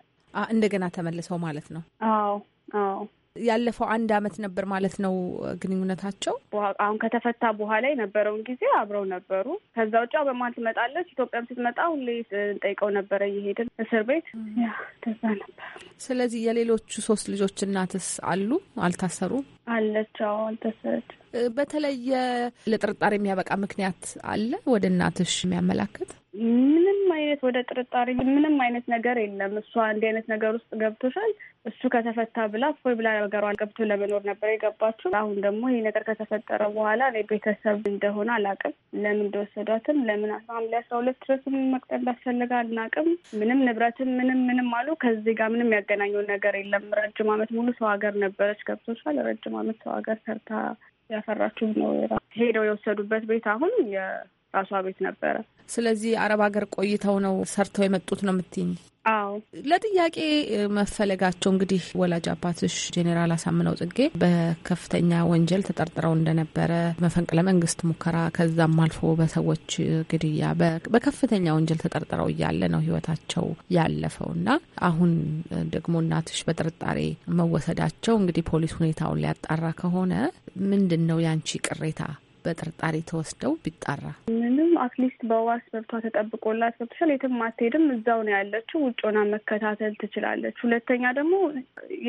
እንደገና ተመልሰው ማለት ነው? አዎ አዎ። ያለፈው አንድ አመት ነበር ማለት ነው ግንኙነታቸው። አሁን ከተፈታ በኋላ የነበረውን ጊዜ አብረው ነበሩ። ከዛ ውጭ በማን ትመጣለች? ኢትዮጵያም ስትመጣ ሁሌ ጠይቀው ነበረ እየሄድን እስር ቤት ከዛ ነበር። ስለዚህ የሌሎቹ ሶስት ልጆች እናትስ አሉ? አልታሰሩ? አለች። አዎ አልታሰረች። በተለየ ለጥርጣሬ የሚያበቃ ምክንያት አለ ወደ እናትሽ የሚያመላክት? ምንም አይነት ወደ ጥርጣሬ ምንም አይነት ነገር የለም። እሷ አንድ አይነት ነገር ውስጥ ገብቶሻል እሱ ከተፈታ ብላ ፎይ ብላ ነገሯ ገብቶ ለመኖር ነበር የገባችው። አሁን ደግሞ ይህ ነገር ከተፈጠረ በኋላ እኔ ቤተሰብ እንደሆነ አላቅም። ለምን እንደወሰዷትም ለምን አስማምላ አስራ ሁለት ድረስም መቅጠል እንዳስፈልገ አናቅም። ምንም ንብረትም ምንም ምንም አሉ። ከዚህ ጋር ምንም ያገናኘው ነገር የለም። ረጅም ዓመት ሙሉ ሰው ሀገር ነበረች። ገብቶሻል። ረጅም ዓመት ሰው ሀገር ሰርታ ያፈራችሁ ነው ሄደው የወሰዱበት ቤት አሁን ራሷ ቤት ነበረ። ስለዚህ አረብ ሀገር ቆይተው ነው ሰርተው የመጡት ነው የምትይኝ? አዎ ለጥያቄ መፈለጋቸው እንግዲህ ወላጅ አባትሽ ጄኔራል አሳምነው ጽጌ በከፍተኛ ወንጀል ተጠርጥረው እንደነበረ መፈንቅለ መንግስት ሙከራ፣ ከዛም አልፎ በሰዎች ግድያ፣ በከፍተኛ ወንጀል ተጠርጥረው እያለ ነው ህይወታቸው ያለፈው እና አሁን ደግሞ እናትሽ በጥርጣሬ መወሰዳቸው እንግዲህ ፖሊስ ሁኔታውን ሊያጣራ ከሆነ ምንድን ነው ያንቺ ቅሬታ? በጥርጣሬ ተወስደው ቢጣራ ምንም አትሊስት በዋስ መብቷ ተጠብቆላት ገብተሻል፣ የትም አትሄድም፣ እዛው ነው ያለችው። ውጭ ሆና መከታተል ትችላለች። ሁለተኛ ደግሞ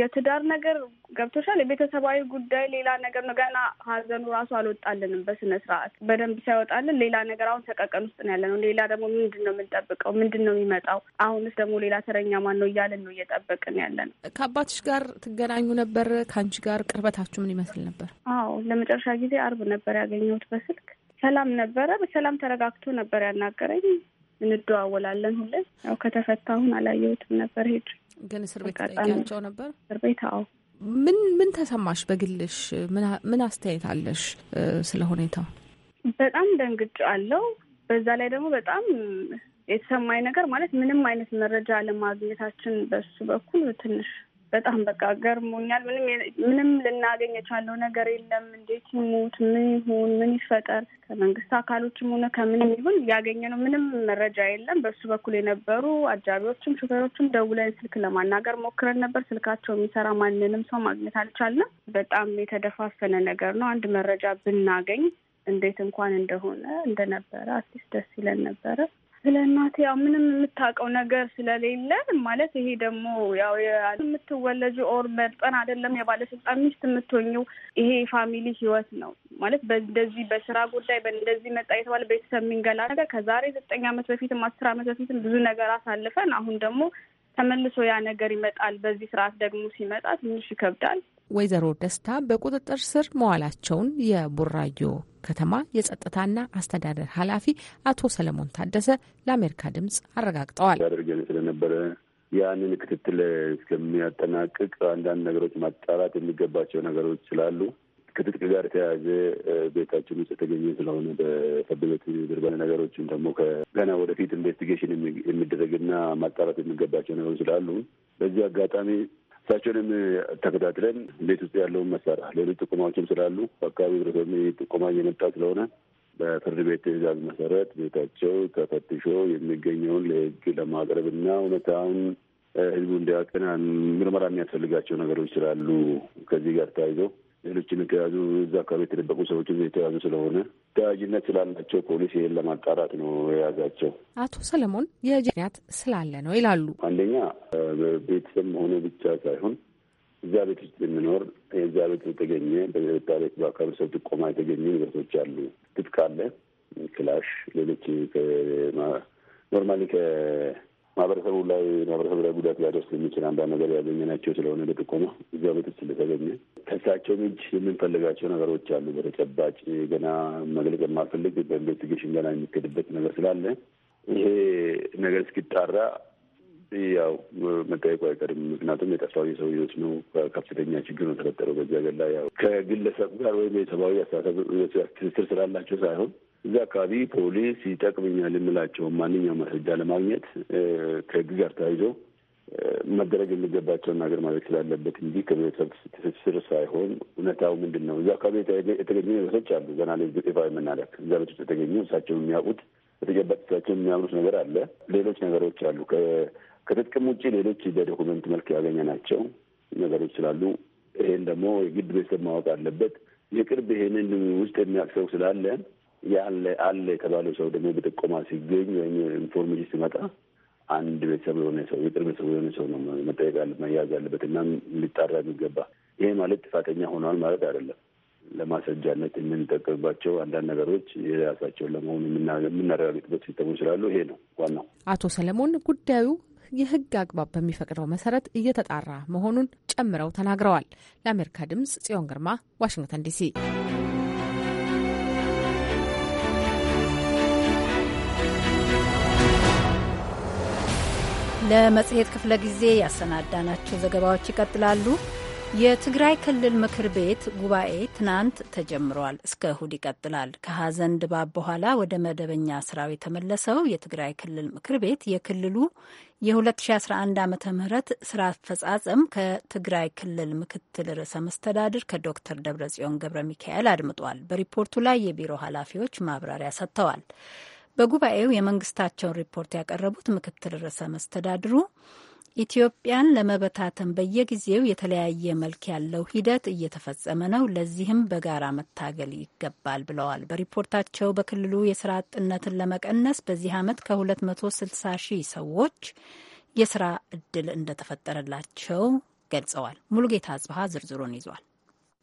የትዳር ነገር ገብቶሻል፣ የቤተሰባዊ ጉዳይ ሌላ ነገር ነው። ገና ሀዘኑ ራሱ አልወጣልንም በስነ ስርዓት በደንብ ሳይወጣልን ሌላ ነገር አሁን ተቀቀን ውስጥ ነው ያለ ነው። ሌላ ደግሞ ምንድን ነው የምንጠብቀው? ምንድን ነው የሚመጣው? አሁንስ ደግሞ ሌላ ተረኛ ማን ነው እያለን ነው እየጠበቅን ያለ ነው። ከአባትሽ ጋር ትገናኙ ነበር? ከአንቺ ጋር ቅርበታችሁ ምን ይመስል ነበር? አዎ ለመጨረሻ ጊዜ አርብ ነበር ያገኘ ያገኘሁት በስልክ ሰላም ነበረ። በሰላም ተረጋግቶ ነበር ያናገረኝ። እንደዋወላለን ሁሌ። ያው አሁን አላየሁትም ነበር ሄድ ግን እስር ቤት ጠይቂያቸው ነበር። እስር ቤት አዎ። ምን ምን ተሰማሽ? በግልሽ ምን አስተያየት አለሽ ስለ ሁኔታው? በጣም ደንግጭ አለው። በዛ ላይ ደግሞ በጣም የተሰማኝ ነገር ማለት ምንም አይነት መረጃ አለማግኘታችን በሱ በኩል ትንሽ በጣም በቃ ገርሞኛል። ምንም ምንም ልናገኝ የቻለው ነገር የለም። እንዴት ይሙት፣ ምን ይሁን፣ ምን ይፈጠር፣ ከመንግስት አካሎችም ሆነ ከምንም ይሁን እያገኘ ነው፣ ምንም መረጃ የለም። በሱ በኩል የነበሩ አጃቢዎችም ሹፌሮችም ደውለን ስልክ ለማናገር ሞክረን ነበር። ስልካቸው የሚሰራ ማንንም ሰው ማግኘት አልቻለም። በጣም የተደፋፈነ ነገር ነው። አንድ መረጃ ብናገኝ እንዴት እንኳን እንደሆነ እንደነበረ አትሊስት ደስ ይለን ነበረ። ስለ እናቴ ያው ምንም የምታውቀው ነገር ስለሌለ ማለት ይሄ ደግሞ ያው የምትወለጁ ኦር መርጠን አይደለም የባለስልጣን ሚስት የምትሆኝው ይሄ ፋሚሊ ህይወት ነው ማለት በእንደዚህ በስራ ጉዳይ በእንደዚህ መጣ የተባለ ቤተሰብ የሚንገላ ነገር ከዛሬ ዘጠኝ ዓመት በፊትም አስር ዓመት በፊትም ብዙ ነገር አሳልፈን አሁን ደግሞ ተመልሶ ያ ነገር ይመጣል። በዚህ ስርዓት ደግሞ ሲመጣ ትንሽ ይከብዳል። ወይዘሮ ደስታ በቁጥጥር ስር መዋላቸውን የቡራዮ ከተማ የጸጥታና አስተዳደር ኃላፊ አቶ ሰለሞን ታደሰ ለአሜሪካ ድምጽ አረጋግጠዋል። አድርገን ስለነበረ ያንን ክትትል እስከሚያጠናቅቅ አንዳንድ ነገሮች ማጣራት የሚገባቸው ነገሮች ስላሉ ከትጥቅ ጋር የተያያዘ ቤታችን ውስጥ የተገኘ ስለሆነ በፍርድ ቤት ነገሮችን ደግሞ ከገና ወደፊት ኢንቨስቲጌሽን የሚደረግና ማጣራት የሚገባቸው ነገሮች ስላሉ በዚህ አጋጣሚ እሳቸውንም ተከታትለን ቤት ውስጥ ያለውን መሳሪያ ሌሎች ጥቁማዎችም ስላሉ በአካባቢ ህብረተሰብ ጥቁማ እየመጣ ስለሆነ በፍርድ ቤት ትዕዛዝ መሰረት ቤታቸው ተፈትሾ የሚገኘውን ለህግ ለማቅረብና እውነታውን ህዝቡ እንዲያውቅን ምርመራ የሚያስፈልጋቸው ነገሮች ስላሉ ከዚህ ጋር ተያይዘው ሌሎችም የተያዙ እዛ አካባቢ የተደበቁ ሰዎች የተያዙ ስለሆነ ተያያዥነት ስላላቸው ፖሊስ ይህን ለማጣራት ነው የያዛቸው። አቶ ሰለሞን የጀንያት ስላለ ነው ይላሉ። አንደኛ ቤተሰብ መሆኑ ብቻ ሳይሆን እዚያ ቤት ውስጥ የሚኖር የዛ ቤት የተገኘ በቤት በአካባቢ ሰው ጥቆማ የተገኙ ንብረቶች አሉ። ትጥቅ አለ፣ ክላሽ፣ ሌሎች ኖርማሊ ማህበረሰቡ ላይ ማህበረሰቡ ላይ ጉዳት ሊያደርስ የሚችል አንዳንድ ነገር ያገኘናቸው ስለሆነ በጥቆማ እዚያ ቤት ውስጥ ስለተገኘ ከእሳቸውም እጅ የምንፈልጋቸው ነገሮች አሉ። በተጨባጭ ገና መግለጽ የማልፈልግ በኢንቨስቲጌሽን ገና የሚገድበት ነገር ስላለ ይሄ ነገር እስኪጣራ ያው መጠየቁ አይቀርም። ምክንያቱም የጠፋው የሰውዬዎች ነው። ከፍተኛ ችግር ነው የተፈጠረው በዚህ ሀገር ላይ ያው ከግለሰብ ጋር ወይም የሰብአዊ አስተሳሰብ ትስስር ስላላቸው ሳይሆን እዚያ አካባቢ ፖሊስ ይጠቅመኛል የምላቸውን ማንኛውም ማስረጃ ለማግኘት ከህግ ጋር ተያይዞ መደረግ የሚገባቸውን ነገር ማድረግ ስላለበት እንጂ ከቤተሰብ ትስስር ሳይሆን እውነታው ምንድን ነው? እዚ አካባቢ የተገኙ ነገሮች አሉ። ገና ላይ ይፋ የምናደርግ እዚያ ቤት ውስጥ የተገኙ እሳቸውን የሚያውቁት በተጨባጭ እሳቸውን የሚያምኑት ነገር አለ። ሌሎች ነገሮች አሉ። ከጥቅም ውጭ ሌሎች በዶኩመንት መልክ ያገኘ ናቸው ነገሮች ስላሉ ይሄን ደግሞ የግድ ቤተሰብ ማወቅ አለበት። የቅርብ ይሄንን ውስጥ የሚያቅሰው ስላለ ያለ አለ የተባለው ሰው ደግሞ በጥቆማ ሲገኝ ወይም ኢንፎርሜሽን ሲመጣ አንድ ቤተሰብ የሆነ ሰው የቅርብ ቤተሰብ የሆነ ሰው ነው መጠየቅ መያዝ ያለበት እና ሊጣራ የሚገባ። ይሄ ማለት ጥፋተኛ ሆኗል ማለት አይደለም። ለማስረጃነት የምንጠቀምባቸው አንዳንድ ነገሮች የራሳቸውን ለመሆኑ የምናረጋግጥበት ሲስተሞች ስላሉ ይሄ ነው ዋናው። አቶ ሰለሞን ጉዳዩ የህግ አግባብ በሚፈቅደው መሰረት እየተጣራ መሆኑን ጨምረው ተናግረዋል። ለአሜሪካ ድምጽ ጽዮን ግርማ ዋሽንግተን ዲሲ ለመጽሔት ክፍለ ጊዜ ያሰናዳናቸው ዘገባዎች ይቀጥላሉ። የትግራይ ክልል ምክር ቤት ጉባኤ ትናንት ተጀምሯል። እስከ እሁድ ይቀጥላል። ከሐዘን ድባብ በኋላ ወደ መደበኛ ስራው የተመለሰው የትግራይ ክልል ምክር ቤት የክልሉ የ2011 ዓ ም ስራ አፈጻጸም ከትግራይ ክልል ምክትል ርዕሰ መስተዳድር ከዶክተር ደብረጽዮን ገብረ ሚካኤል አድምጧል። በሪፖርቱ ላይ የቢሮ ኃላፊዎች ማብራሪያ ሰጥተዋል። በጉባኤው የመንግስታቸውን ሪፖርት ያቀረቡት ምክትል ርዕሰ መስተዳድሩ ኢትዮጵያን ለመበታተን በየጊዜው የተለያየ መልክ ያለው ሂደት እየተፈጸመ ነው። ለዚህም በጋራ መታገል ይገባል ብለዋል። በሪፖርታቸው በክልሉ የስራ አጥነትን ለመቀነስ በዚህ ዓመት ከ260 ሺህ ሰዎች የስራ እድል እንደተፈጠረላቸው ገልጸዋል። ሙሉጌታ አጽብሃ ዝርዝሩን ይዟል።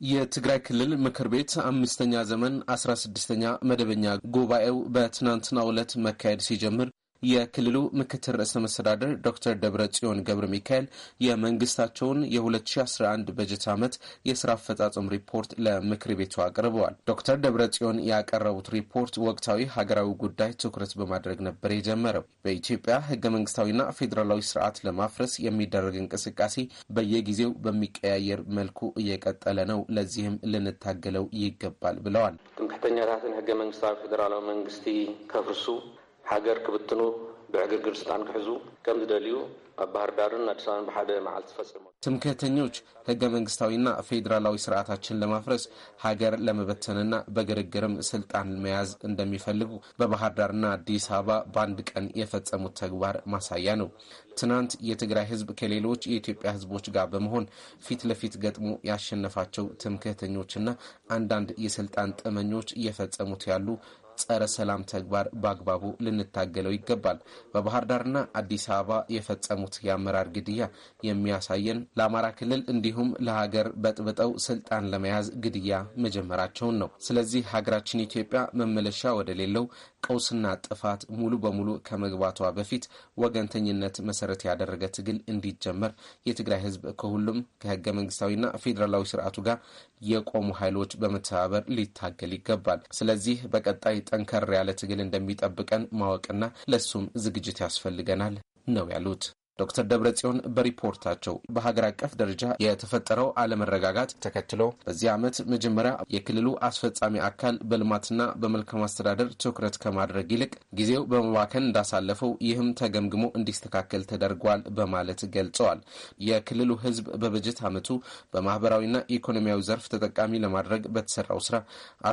የትግራይ ክልል ምክር ቤት አምስተኛ ዘመን አስራ ስድስተኛ መደበኛ ጉባኤው በትናንትናው ዕለት መካሄድ ሲጀምር የክልሉ ምክትል ርዕሰ መስተዳደር ዶክተር ደብረ ጽዮን ገብረ ሚካኤል የመንግስታቸውን የ2011 በጀት ዓመት የስራ አፈጻጸም ሪፖርት ለምክር ቤቱ አቅርበዋል። ዶክተር ደብረ ጽዮን ያቀረቡት ሪፖርት ወቅታዊ ሀገራዊ ጉዳይ ትኩረት በማድረግ ነበር የጀመረው። በኢትዮጵያ ህገ መንግስታዊና ፌዴራላዊ ስርዓት ለማፍረስ የሚደረግ እንቅስቃሴ በየጊዜው በሚቀያየር መልኩ እየቀጠለ ነው። ለዚህም ልንታገለው ይገባል ብለዋል። ጥንቅተኛ ህገ መንግስታዊ ፌዴራላዊ መንግስቲ ከፍርሱ ሃገር ክብትኑ ብዕግርግር ስልጣን ክሕዙ ከም ዝደልዩ ኣብ ባህር ዳርን ኣዲስ ኣበባን ብሓደ መዓልቲ ፈፂሞ ትምክህተኞች ህገ መንግስታዊና ፌዴራላዊ ስርዓታችን ለማፍረስ ሀገር ለመበተንና በግርግርም ስልጣን መያዝ እንደሚፈልጉ በባህር ዳርና አዲስ አበባ በአንድ ቀን የፈጸሙት ተግባር ማሳያ ነው። ትናንት የትግራይ ህዝብ ከሌሎች የኢትዮጵያ ህዝቦች ጋር በመሆን ፊት ለፊት ገጥሞ ያሸነፋቸው ትምክህተኞችና አንዳንድ የስልጣን ጥመኞች እየፈጸሙት ያሉ ጸረ ሰላም ተግባር በአግባቡ ልንታገለው ይገባል። በባህር ዳርና አዲስ አበባ የፈጸሙት የአመራር ግድያ የሚያሳየን ለአማራ ክልል እንዲሁም ለሀገር በጥብጠው ስልጣን ለመያዝ ግድያ መጀመራቸውን ነው። ስለዚህ ሀገራችን ኢትዮጵያ መመለሻ ወደሌለው ቀውስና ጥፋት ሙሉ በሙሉ ከመግባቷ በፊት ወገንተኝነት መሰረት ያደረገ ትግል እንዲጀመር የትግራይ ህዝብ ከሁሉም ከህገ መንግስታዊና ፌዴራላዊ ስርዓቱ ጋር የቆሙ ኃይሎች በመተባበር ሊታገል ይገባል። ስለዚህ በቀጣይ ጠንከር ያለ ትግል እንደሚጠብቀን ማወቅና ለሱም ዝግጅት ያስፈልገናል ነው ያሉት። ዶክተር ደብረጽዮን በሪፖርታቸው በሀገር አቀፍ ደረጃ የተፈጠረው አለመረጋጋት ተከትሎ በዚህ ዓመት መጀመሪያ የክልሉ አስፈጻሚ አካል በልማትና በመልካም አስተዳደር ትኩረት ከማድረግ ይልቅ ጊዜው በመባከን እንዳሳለፈው ይህም ተገምግሞ እንዲስተካከል ተደርጓል በማለት ገልጸዋል። የክልሉ ሕዝብ በበጀት ዓመቱ በማህበራዊና ኢኮኖሚያዊ ዘርፍ ተጠቃሚ ለማድረግ በተሰራው ስራ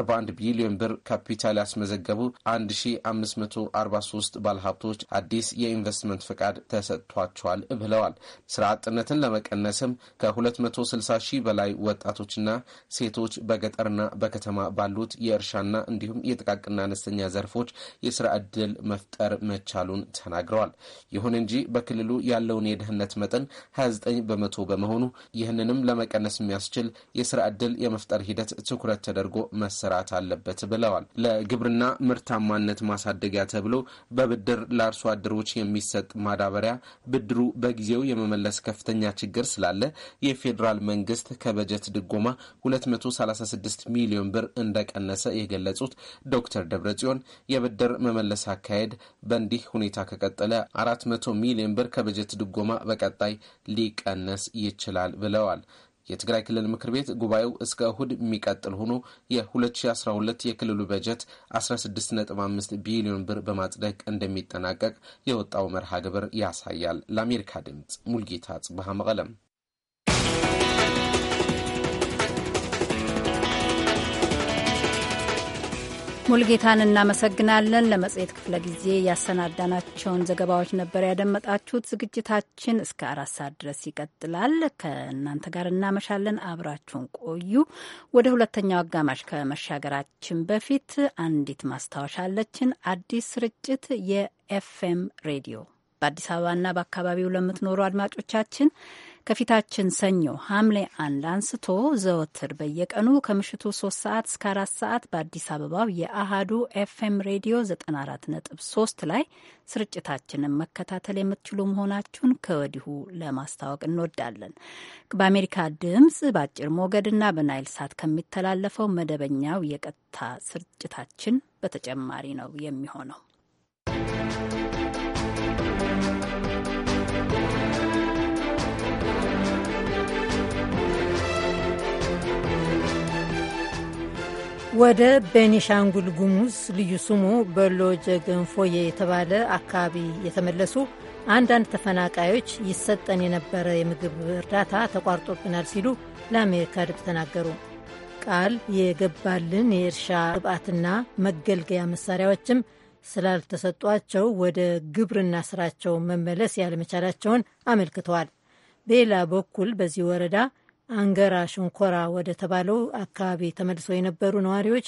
41 ቢሊዮን ብር ካፒታል ያስመዘገቡ 1543 ባለሀብቶች አዲስ የኢንቨስትመንት ፈቃድ ተሰጥቷል ይኖራቸዋል ብለዋል። ስራ አጥነትን ለመቀነስም ከ260 ሺህ በላይ ወጣቶችና ሴቶች በገጠርና በከተማ ባሉት የእርሻና እንዲሁም የጥቃቅንና አነስተኛ ዘርፎች የስራ ዕድል መፍጠር መቻሉን ተናግረዋል። ይሁን እንጂ በክልሉ ያለውን የድህነት መጠን 29 በመቶ በመሆኑ ይህንንም ለመቀነስ የሚያስችል የስራ ዕድል የመፍጠር ሂደት ትኩረት ተደርጎ መሰራት አለበት ብለዋል። ለግብርና ምርታማነት ማሳደጊያ ተብሎ በብድር ለአርሶ አደሮች የሚሰጥ ማዳበሪያ ብድሩ በጊዜው የመመለስ ከፍተኛ ችግር ስላለ የፌዴራል መንግስት ከበጀት ድጎማ 236 ሚሊዮን ብር እንደቀነሰ የገለጹት ዶክተር ደብረጽዮን የብድር መመለስ አካሄድ በእንዲህ ሁኔታ ከቀጠለ 400 ሚሊዮን ብር ከበጀት ድጎማ በቀጣይ ሊቀነስ ይችላል ብለዋል። የትግራይ ክልል ምክር ቤት ጉባኤው እስከ እሁድ የሚቀጥል ሆኖ የ2012 የክልሉ በጀት 16.5 ቢሊዮን ብር በማጽደቅ እንደሚጠናቀቅ የወጣው መርሃ ግብር ያሳያል። ለአሜሪካ ድምፅ ሙልጌታ ጽብሃ መቀለም ሙልጌታን እናመሰግናለን። ለመጽሔት ክፍለ ጊዜ ያሰናዳናቸውን ዘገባዎች ነበር ያደመጣችሁት። ዝግጅታችን እስከ አራት ሰዓት ድረስ ይቀጥላል። ከእናንተ ጋር እናመሻለን። አብራችሁን ቆዩ። ወደ ሁለተኛው አጋማሽ ከመሻገራችን በፊት አንዲት ማስታወሻ አለችን። አዲስ ስርጭት የኤፍኤም ሬዲዮ በአዲስ አበባና በአካባቢው ለምትኖሩ አድማጮቻችን ከፊታችን ሰኞ ሐምሌ አንድ አንስቶ ዘወትር በየቀኑ ከምሽቱ 3 ሰዓት እስከ 4 ሰዓት በአዲስ አበባው የአሃዱ ኤፍኤም ሬዲዮ 94.3 ላይ ስርጭታችንን መከታተል የምትችሉ መሆናችሁን ከወዲሁ ለማስታወቅ እንወዳለን። በአሜሪካ ድምፅ በአጭር ሞገድና በናይል ሳት ከሚተላለፈው መደበኛው የቀጥታ ስርጭታችን በተጨማሪ ነው የሚሆነው። ወደ ቤኒሻንጉል ጉሙዝ ልዩ ስሙ በሎጀ ገንፎዬ የተባለ አካባቢ የተመለሱ አንዳንድ ተፈናቃዮች ይሰጠን የነበረ የምግብ እርዳታ ተቋርጦብናል ሲሉ ለአሜሪካ ድምፅ ተናገሩ። ቃል የገባልን የእርሻ ግብዓትና መገልገያ መሳሪያዎችም ስላልተሰጧቸው ወደ ግብርና ስራቸው መመለስ ያለመቻላቸውን አመልክተዋል። በሌላ በኩል በዚህ ወረዳ አንገራ ሽንኮራ ወደ ተባለው አካባቢ ተመልሰው የነበሩ ነዋሪዎች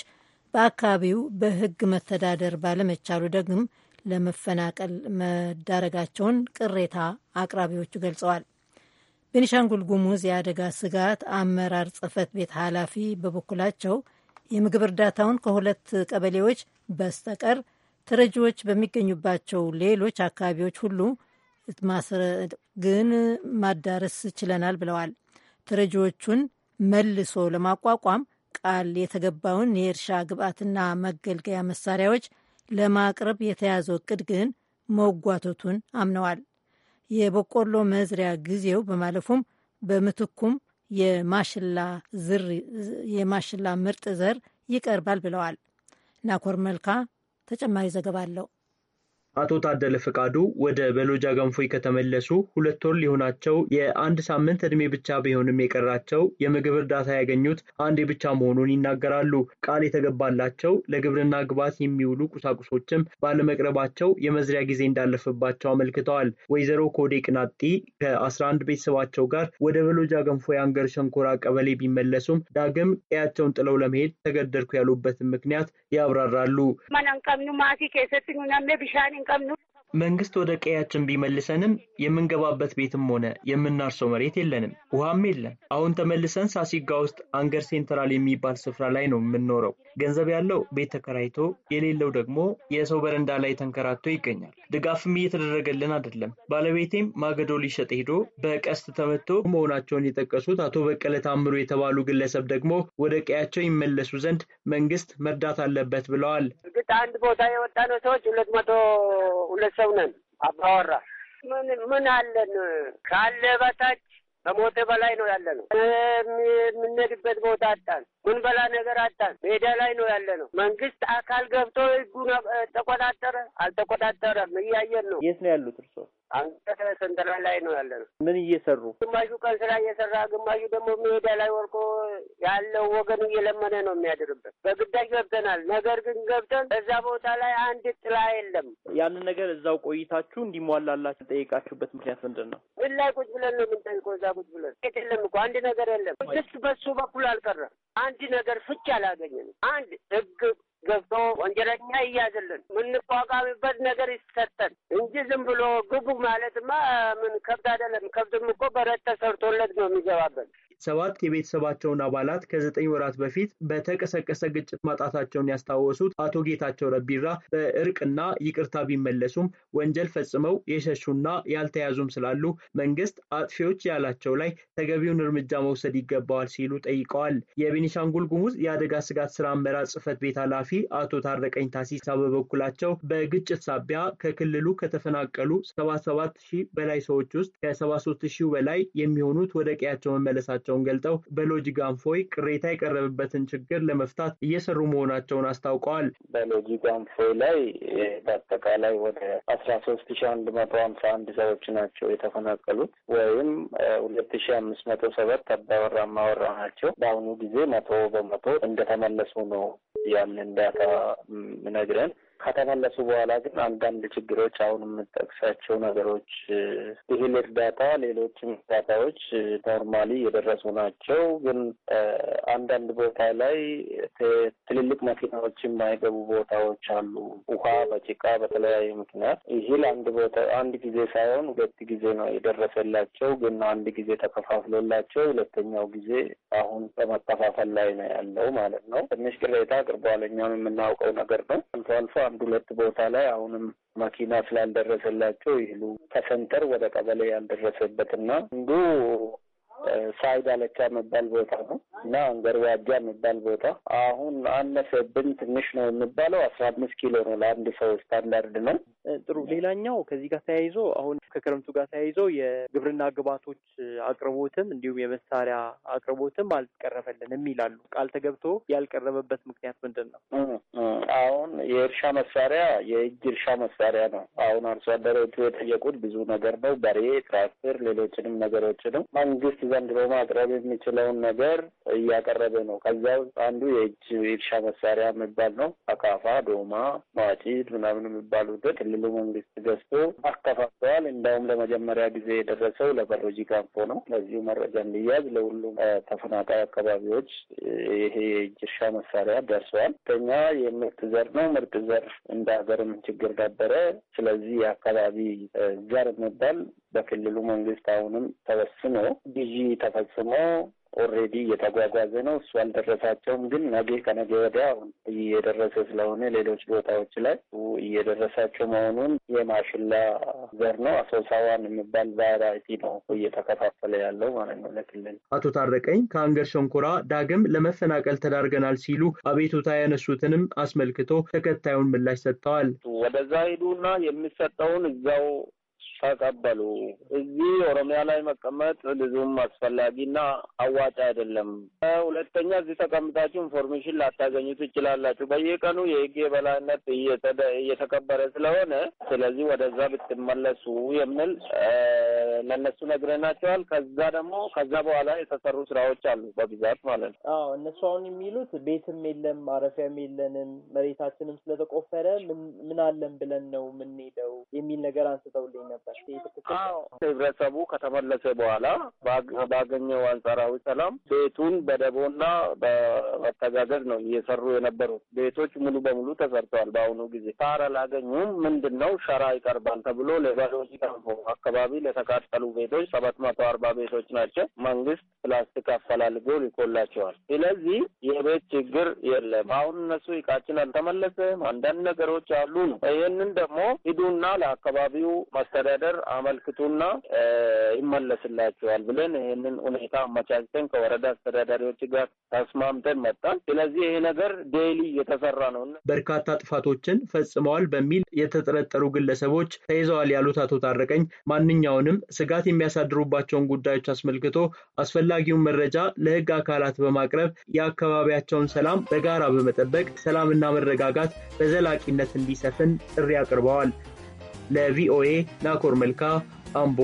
በአካባቢው በሕግ መተዳደር ባለመቻሉ ደግም ለመፈናቀል መዳረጋቸውን ቅሬታ አቅራቢዎቹ ገልጸዋል። ቤኒሻንጉል ጉሙዝ የአደጋ ስጋት አመራር ጽህፈት ቤት ኃላፊ በበኩላቸው የምግብ እርዳታውን ከሁለት ቀበሌዎች በስተቀር ተረጂዎች በሚገኙባቸው ሌሎች አካባቢዎች ሁሉ ግን ማዳረስ ችለናል ብለዋል። ተረጂዎቹን መልሶ ለማቋቋም ቃል የተገባውን የእርሻ ግብዓትና መገልገያ መሳሪያዎች ለማቅረብ የተያዘው እቅድ ግን መጓተቱን አምነዋል። የበቆሎ መዝሪያ ጊዜው በማለፉም በምትኩም የማሽላ ምርጥ ዘር ይቀርባል ብለዋል። ናኮር መልካ ተጨማሪ ዘገባ አለው። አቶ ታደለ ፈቃዱ ወደ በሎጃ ገንፎይ ከተመለሱ ሁለት ወር ሊሆናቸው የአንድ ሳምንት እድሜ ብቻ ቢሆንም የቀራቸው የምግብ እርዳታ ያገኙት አንዴ ብቻ መሆኑን ይናገራሉ። ቃል የተገባላቸው ለግብርና ግብዓት የሚውሉ ቁሳቁሶችም ባለመቅረባቸው የመዝሪያ ጊዜ እንዳለፈባቸው አመልክተዋል። ወይዘሮ ኮዴ ቅናጢ ከ11 ቤተሰባቸው ጋር ወደ በሎጃ ገንፎይ አንገር ሸንኮራ ቀበሌ ቢመለሱም ዳግም ቀያቸውን ጥለው ለመሄድ ተገደድኩ ያሉበትን ምክንያት ያብራራሉ። መንግስት ወደ ቀያችን ቢመልሰንም የምንገባበት ቤትም ሆነ የምናርሰው መሬት የለንም፣ ውሃም የለም። አሁን ተመልሰን ሳሲጋ ውስጥ አንገር ሴንትራል የሚባል ስፍራ ላይ ነው የምንኖረው። ገንዘብ ያለው ቤት ተከራይቶ የሌለው ደግሞ የሰው በረንዳ ላይ ተንከራቶ ይገኛል። ድጋፍም እየተደረገልን አይደለም። ባለቤቴም ማገዶ ሊሸጥ ሄዶ በቀስት ተመቶ መሆናቸውን የጠቀሱት አቶ በቀለ ታምሮ የተባሉ ግለሰብ ደግሞ ወደ ቀያቸው ይመለሱ ዘንድ መንግስት መርዳት አለበት ብለዋል። አንድ ቦታ የወጣ ነው ሰዎች ሁለት መቶ ሁለት ሰው ነን። አባወራ ምን ምን አለን ካለ በታች ከሞተ በላይ ነው ያለ ነው። የምንሄድበት ቦታ አጣን። ምን በላ ነገር አጣን። ሜዳ ላይ ነው ያለ ነው። መንግስት አካል ገብቶ ህጉን ተቆጣጠረ አልተቆጣጠረም እያየን ነው። የት ነው ያሉት እርሶ? አንቀት ላይ ነው ያለ ነው። ምን እየሰሩ ግማሹ ቀን ስራ እየሰራ ግማሹ ደግሞ ሜዳ ላይ ወርቆ ያለው ወገን እየለመነ ነው የሚያድርበት። በግዳጅ ገብተናል። ነገር ግን ገብተን እዛ ቦታ ላይ አንድ ጥላ የለም። ያንን ነገር እዛው ቆይታችሁ እንዲሟላላችሁ ጠይቃችሁበት ምክንያት ምንድን ነው? ምን ላይ ቁጭ ብለን ነው የምንጠይቀው? እዛ ቁጭ ብለን ት የለም እኮ አንድ ነገር የለም። መንግስት በሱ በኩል አልቀረም። አንድ ነገር ፍች አላገኘንም። አንድ ህግ ገብቶ ወንጀለኛ እያዝልን የምንቋቋምበት ነገር ይሰጠን እንጂ ዝም ብሎ ግቡ ማለትማ ምን ከብድ አይደለም። ከብድም እኮ በረት ተሰርቶለት ነው የሚገባበት። ሰባት የቤተሰባቸውን አባላት ከዘጠኝ ወራት በፊት በተቀሰቀሰ ግጭት ማጣታቸውን ያስታወሱት አቶ ጌታቸው ረቢራ በእርቅና ይቅርታ ቢመለሱም ወንጀል ፈጽመው የሸሹና ያልተያዙም ስላሉ መንግስት አጥፊዎች ያላቸው ላይ ተገቢውን እርምጃ መውሰድ ይገባዋል ሲሉ ጠይቀዋል። የቤኒሻንጉል ጉሙዝ የአደጋ ስጋት ስራ አመራር ጽህፈት ቤት ኃላፊ አቶ ታረቀኝ ታሲሳ በበኩላቸው በግጭት ሳቢያ ከክልሉ ከተፈናቀሉ 77 ሺህ በላይ ሰዎች ውስጥ ከ73 ሺህ በላይ የሚሆኑት ወደ ቀያቸው መመለሳቸው መሆናቸውን ገልጠው በሎጂ ጋንፎይ ቅሬታ የቀረበበትን ችግር ለመፍታት እየሰሩ መሆናቸውን አስታውቀዋል። በሎጂ ጋንፎይ ላይ በአጠቃላይ ወደ አስራ ሶስት ሺ አንድ መቶ ሀምሳ አንድ ሰዎች ናቸው የተፈናቀሉት ወይም ሁለት ሺ አምስት መቶ ሰባት አባወራ ማወራ ናቸው። በአሁኑ ጊዜ መቶ በመቶ እንደተመለሱ ነው ያንን ዳታ ምነግረን ከተመለሱ በኋላ ግን አንዳንድ ችግሮች አሁን የምጠቅሳቸው ነገሮች ይህል እርዳታ ሌሎችም እርዳታዎች ኖርማሊ የደረሱ ናቸው። ግን አንዳንድ ቦታ ላይ ትልልቅ መኪናዎች የማይገቡ ቦታዎች አሉ። ውሃ በጭቃ በተለያዩ ምክንያት ይህል አንድ ቦታ አንድ ጊዜ ሳይሆን ሁለት ጊዜ ነው የደረሰላቸው። ግን አንድ ጊዜ ተከፋፍሎላቸው ሁለተኛው ጊዜ አሁን በመከፋፈል ላይ ነው ያለው ማለት ነው። ትንሽ ቅሬታ አቅርበዋል። እኛም የምናውቀው ነገር ነው አልፎ አልፎ አንድ ሁለት ቦታ ላይ አሁንም መኪና ስላልደረሰላቸው ይህሉ ከሰንተር ወደ ቀበሌ ያልደረሰበትና አንዱ ሳይድ አለቻ የሚባል ቦታ ነው እና አንገር የሚባል ቦታ አሁን አነሰብን ትንሽ ነው የሚባለው አስራ አምስት ኪሎ ነው ለአንድ ሰው ስታንዳርድ ነው። ጥሩ። ሌላኛው ከዚህ ጋር ተያይዞ አሁን ከክረምቱ ጋር ተያይዞ የግብርና ግብዓቶች አቅርቦትም እንዲሁም የመሳሪያ አቅርቦትም አልቀረበልንም ይላሉ። ቃል ተገብቶ ያልቀረበበት ምክንያት ምንድን ነው? አሁን የእርሻ መሳሪያ የእጅ እርሻ መሳሪያ ነው። አሁን አርሶ አደሮቹ የጠየቁት ብዙ ነገር ነው። በሬ፣ ትራክተር፣ ሌሎችንም ነገሮችንም መንግስት ዘንድሮ ማቅረብ የሚችለውን ነገር እያቀረበ ነው። ከዚያ ውስጥ አንዱ የእጅ እርሻ መሳሪያ የሚባል ነው። አካፋ፣ ዶማ፣ ማጭድ ምናምን የሚባሉትን የክልሉ መንግስት ገዝቶ አከፋፍተዋል። እንዳውም ለመጀመሪያ ጊዜ የደረሰው ለበሮጂ ጋንፎ ነው። ለዚሁ መረጃ እንዲያዝ ለሁሉም ተፈናቃይ አካባቢዎች ይሄ የእርሻ መሳሪያ ደርሰዋል። ተኛ የምርጥ ዘር ነው። ምርጥ ዘር እንደ ሀገርም ችግር ነበረ። ስለዚህ የአካባቢ ዘር የሚባል በክልሉ መንግስት አሁንም ተወስኖ ግዢ ተፈጽሞ ኦሬዲ እየተጓጓዘ ነው። እሱ አልደረሳቸውም፣ ግን ነገ ከነገ ወዲያ እየደረሰ ስለሆነ ሌሎች ቦታዎች ላይ እየደረሳቸው መሆኑን የማሽላ ዘር ነው አሶሳዋን የሚባል ቫራይቲ ነው እየተከፋፈለ ያለው ማለት ነው ለክልል። አቶ ታረቀኝ ከአንገር ሸንኮራ ዳግም ለመፈናቀል ተዳርገናል ሲሉ አቤቱታ ያነሱትንም አስመልክቶ ተከታዩን ምላሽ ሰጥተዋል። ወደዛ ሂዱና የሚሰጠውን እዛው ተቀበሉ። እዚህ ኦሮሚያ ላይ መቀመጥ ብዙም አስፈላጊና አዋጭ አይደለም። ሁለተኛ እዚህ ተቀምጣችሁ ኢንፎርሜሽን ላታገኙ ትችላላችሁ። በየቀኑ የህግ የበላይነት እየተከበረ ስለሆነ ስለዚህ ወደዛ ብትመለሱ የሚል ለእነሱ ነግረናቸዋል። ከዛ ደግሞ ከዛ በኋላ የተሰሩ ስራዎች አሉ በብዛት ማለት ነው። አዎ እነሱ አሁን የሚሉት ቤትም የለም ማረፊያም የለንም መሬታችንም ስለተቆፈረ ምን አለን ብለን ነው የምንሄደው የሚል ነገር አንስተውልኝ ነበር። ነበር። ህብረተሰቡ ከተመለሰ በኋላ ባገኘው አንጻራዊ ሰላም ቤቱን በደቦና በመተጋገዝ ነው እየሰሩ የነበሩት። ቤቶች ሙሉ በሙሉ ተሰርተዋል። በአሁኑ ጊዜ ሳር አላገኙም። ምንድን ነው ሸራ ይቀርባል ተብሎ ለባሎች ቀርቦ አካባቢ ለተቃጠሉ ቤቶች ሰባት መቶ አርባ ቤቶች ናቸው። መንግስት ፕላስቲክ አፈላልጎ ይቆላቸዋል ስለዚህ የቤት ችግር የለም። አሁን እነሱ እቃችን አልተመለሰም። አንዳንድ ነገሮች አሉ ነው። ይህንን ደግሞ ሂዱና ለአካባቢው መስተዳደ አስተዳደር አመልክቱና ይመለስላቸዋል ብለን ይህንን ሁኔታ አመቻችተን ከወረዳ አስተዳዳሪዎች ጋር ተስማምተን መጣን። ስለዚህ ይሄ ነገር ዴይሊ የተሰራ ነው። በርካታ ጥፋቶችን ፈጽመዋል በሚል የተጠረጠሩ ግለሰቦች ተይዘዋል ያሉት አቶ ታረቀኝ ማንኛውንም ስጋት የሚያሳድሩባቸውን ጉዳዮች አስመልክቶ አስፈላጊውን መረጃ ለህግ አካላት በማቅረብ የአካባቢያቸውን ሰላም በጋራ በመጠበቅ ሰላምና መረጋጋት በዘላቂነት እንዲሰፍን ጥሪ አቅርበዋል። ለቪኦኤ ናኮር መልካ አምቦ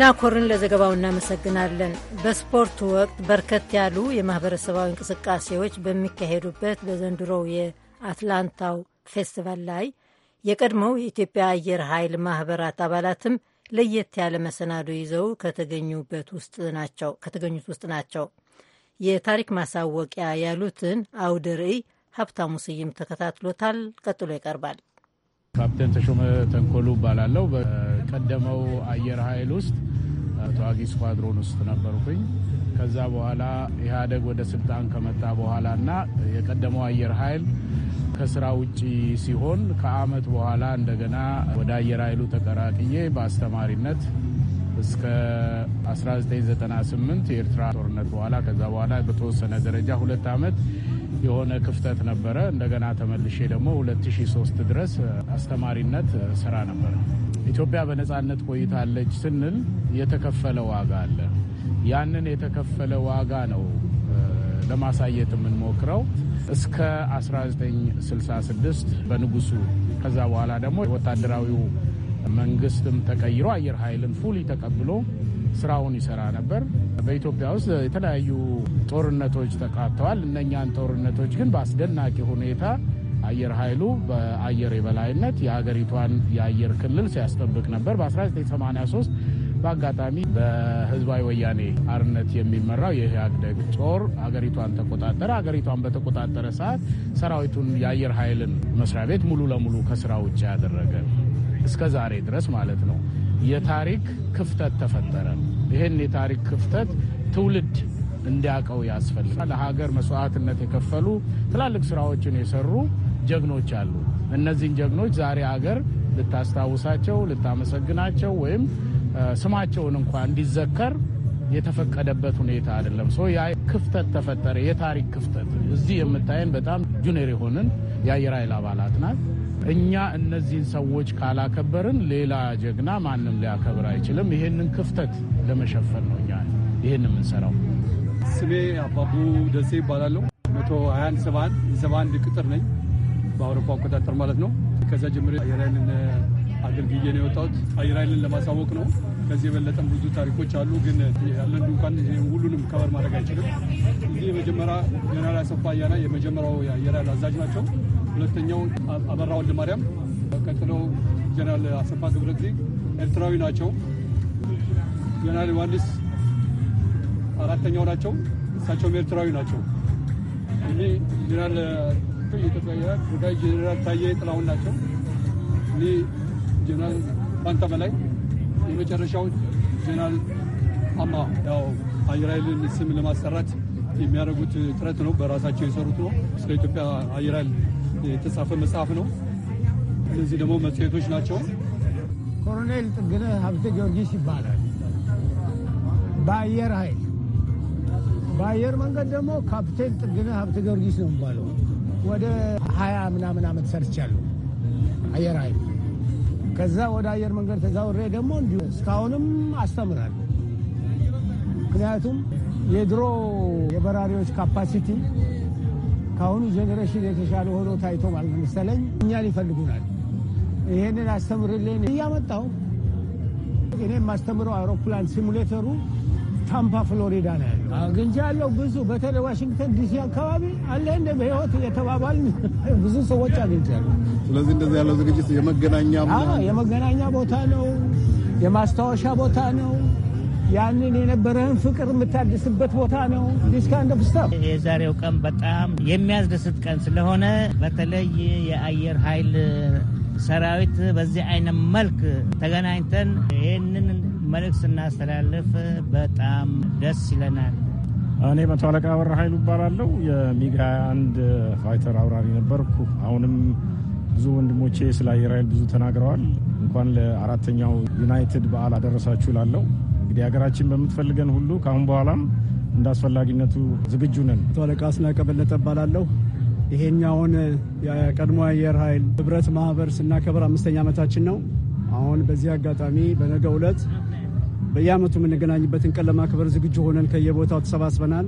ናኮርን ለዘገባው እናመሰግናለን። በስፖርቱ ወቅት በርከት ያሉ የማህበረሰባዊ እንቅስቃሴዎች በሚካሄዱበት በዘንድሮው የአትላንታው ፌስቲቫል ላይ የቀድሞው የኢትዮጵያ አየር ኃይል ማህበራት አባላትም ለየት ያለ መሰናዶ ይዘው ከተገኙበት ውስጥ ናቸው ከተገኙት ውስጥ ናቸው። የታሪክ ማሳወቂያ ያሉትን አውደ ርዕይ ሀብታሙ ስይም ተከታትሎታል። ቀጥሎ ይቀርባል። ካፕቴን ተሾመ ተንኮሉ እባላለሁ። በቀደመው አየር ኃይል ውስጥ ተዋጊ ስኳድሮን ውስጥ ነበርኩኝ። ከዛ በኋላ ኢህአደግ ወደ ስልጣን ከመጣ በኋላ እና የቀደመው አየር ኃይል ከስራ ውጪ ሲሆን ከአመት በኋላ እንደገና ወደ አየር ኃይሉ ተቀራቅዬ በአስተማሪነት እስከ 1998 የኤርትራ ጦርነት በኋላ ከዛ በኋላ በተወሰነ ደረጃ ሁለት አመት የሆነ ክፍተት ነበረ። እንደገና ተመልሼ ደግሞ 2003 ድረስ አስተማሪነት ስራ ነበረ። ኢትዮጵያ በነፃነት ቆይታለች ስንል የተከፈለ ዋጋ አለ። ያንን የተከፈለ ዋጋ ነው ለማሳየት የምንሞክረው እስከ 1966 በንጉሱ ከዛ በኋላ ደግሞ ወታደራዊው መንግስትም ተቀይሮ አየር ኃይልን ፉሊ ተቀብሎ ስራውን ይሰራ ነበር። በኢትዮጵያ ውስጥ የተለያዩ ጦርነቶች ተካተዋል። እነኛን ጦርነቶች ግን በአስደናቂ ሁኔታ አየር ኃይሉ በአየር የበላይነት የሀገሪቷን የአየር ክልል ሲያስጠብቅ ነበር። በ1983 በአጋጣሚ በህዝባዊ ወያኔ አርነት የሚመራው የኢህአዴግ ጦር ሀገሪቷን ተቆጣጠረ። ሀገሪቷን በተቆጣጠረ ሰዓት ሰራዊቱን የአየር ኃይልን መስሪያ ቤት ሙሉ ለሙሉ ከስራ ውጭ ያደረገ እስከ ዛሬ ድረስ ማለት ነው። የታሪክ ክፍተት ተፈጠረ። ይህን የታሪክ ክፍተት ትውልድ እንዲያውቀው ያስፈልጋል። ለሀገር መስዋዕትነት የከፈሉ ትላልቅ ስራዎችን የሰሩ ጀግኖች አሉ። እነዚህን ጀግኖች ዛሬ አገር ልታስታውሳቸው፣ ልታመሰግናቸው ወይም ስማቸውን እንኳ እንዲዘከር የተፈቀደበት ሁኔታ አይደለም። ሰው ያ ክፍተት ተፈጠረ፣ የታሪክ ክፍተት። እዚህ የምታየን በጣም ጁኒየር የሆንን የአየር ኃይል አባላት ናት። እኛ እነዚህን ሰዎች ካላከበርን ሌላ ጀግና ማንም ሊያከብር አይችልም። ይሄንን ክፍተት ለመሸፈን ነው እኛ ይሄን የምንሰራው። ስሜ አባቡ ደሴ ይባላለሁ። መቶ 21 71 71 ቅጥር ነኝ በአውሮፓ አቆጣጠር ማለት ነው። ከዚያ ጀምሮ አየር ኃይልን አገልግዬ ነው የወጣሁት። አየር ኃይልን ለማሳወቅ ነው። ከዚህ የበለጠም ብዙ ታሪኮች አሉ፣ ግን ያለን ድንኳን ሁሉንም ከበር ማድረግ አይችልም። እዚህ የመጀመሪያ ጀነራል አሰፋ አያና የመጀመሪያው የአየር ኃይል አዛዥ ናቸው። ሁለተኛው አበራ ወልደ ማርያም፣ ቀጥሎ ጀነራል አሰፋ ገብረጊዜ ኤርትራዊ ናቸው። ጀነራል ዮሐንስ አራተኛው ናቸው። እሳቸውም ኤርትራዊ ናቸው። እኒህ ጀነራል ኢትዮጵያ ጉዳይ ጀነራል ታዬ ጥላሁን ናቸው። እኒህ ጀነራል ባንታ በላይ የመጨረሻው ጀነራል አማ ያው አየር ኃይልን ስም ለማሰራት የሚያደርጉት ጥረት ነው። በራሳቸው የሰሩት ነው። ስለ ኢትዮጵያ አየር ኃይል የተጻፈ መጽሐፍ ነው። እነዚህ ደግሞ መጽሔቶች ናቸው። ኮሎኔል ጥግነህ ሀብተ ጊዮርጊስ ይባላል። በአየር ኃይል በአየር መንገድ ደግሞ ካፕቴን ጥግነህ ሀብተ ጊዮርጊስ ነው የሚባለው። ወደ ሀያ ምናምን ዓመት ሰርቻለሁ አየር ኃይል። ከዛ ወደ አየር መንገድ ተዛውሬ ደግሞ እንዲሁ እስካሁንም አስተምራለሁ። ምክንያቱም የድሮ የበራሪዎች ካፓሲቲ ከአሁኑ ጀኔሬሽን የተሻለ ሆኖ ታይቶ ማለት መሰለኝ እኛን ይፈልጉናል። ይህንን አስተምርልን እያመጣው እኔ ማስተምረው አውሮፕላን ሲሙሌተሩ ታምፓ ፍሎሪዳ ነው ያለው። ግንጃ ያለው ብዙ በተለይ ዋሽንግተን ዲሲ አካባቢ አለ እንደ በህይወት የተባባል ብዙ ሰዎች አግኝቻለሁ። ስለዚህ እንደዚህ ያለው ዝግጅት የመገናኛ የመገናኛ ቦታ ነው፣ የማስታወሻ ቦታ ነው። ያንን የነበረህን ፍቅር የምታድስበት ቦታ ነው። ዲስካንድ ፍስታ የዛሬው ቀን በጣም የሚያስደስት ቀን ስለሆነ በተለይ የአየር ኃይል ሰራዊት በዚህ አይነት መልክ ተገናኝተን ይህንን መልእክት ስናስተላልፍ በጣም ደስ ይለናል። እኔ መቶ አለቃ አበራ ኃይሉ እባላለሁ። የሚግ 21 ፋይተር አውራሪ ነበርኩ። አሁንም ብዙ ወንድሞቼ ስለ አየር ኃይል ብዙ ተናግረዋል። እንኳን ለአራተኛው ዩናይትድ በዓል አደረሳችሁ ላለው እንግዲህ ሀገራችን በምትፈልገን ሁሉ ከአሁን በኋላም እንደ አስፈላጊነቱ ዝግጁ ነን። አለቃ አስናቀ በለጠ እባላለሁ። ይሄኛውን የቀድሞ አየር ኃይል ህብረት ማህበር ስናከብር አምስተኛ ዓመታችን ነው። አሁን በዚህ አጋጣሚ በነገው ዕለት በየአመቱ የምንገናኝበትን ቀን ለማክበር ዝግጁ ሆነን ከየቦታው ተሰባስበናል።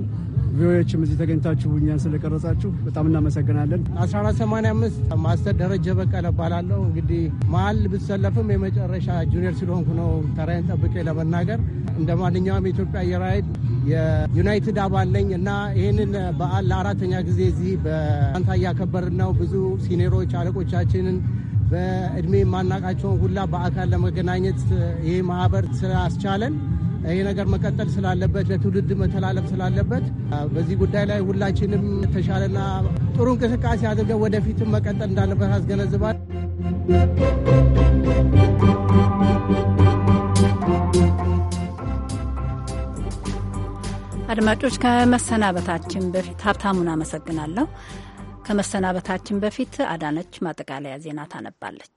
ቪኦኤዎችም እዚህ ተገኝታችሁ እኛን ስለቀረጻችሁ በጣም እናመሰግናለን። 1485 ማስተር ደረጀ በቀለ እባላለሁ። እንግዲህ መሀል ብትሰለፍም የመጨረሻ ጁኒየር ስለሆንኩ ነው ተራይን ጠብቄ ለመናገር። እንደ ማንኛውም የኢትዮጵያ አየር ኃይል የዩናይትድ አባል ነኝ እና ይህንን በዓል ለአራተኛ ጊዜ እዚህ በአንታ እያከበርን ነው። ብዙ ሲኔሮች አለቆቻችንን በእድሜ የማናቃቸውን ሁላ በአካል ለመገናኘት ይህ ማህበር ስላስቻለን ይሄ ነገር መቀጠል ስላለበት ለትውልድ መተላለፍ ስላለበት በዚህ ጉዳይ ላይ ሁላችንም የተሻለና ጥሩ እንቅስቃሴ አድርገን ወደፊትም መቀጠል እንዳለበት አስገነዝባል። አድማጮች ከመሰናበታችን በፊት ሀብታሙን አመሰግናለሁ። ከመሰናበታችን በፊት አዳነች ማጠቃለያ ዜና ታነባለች።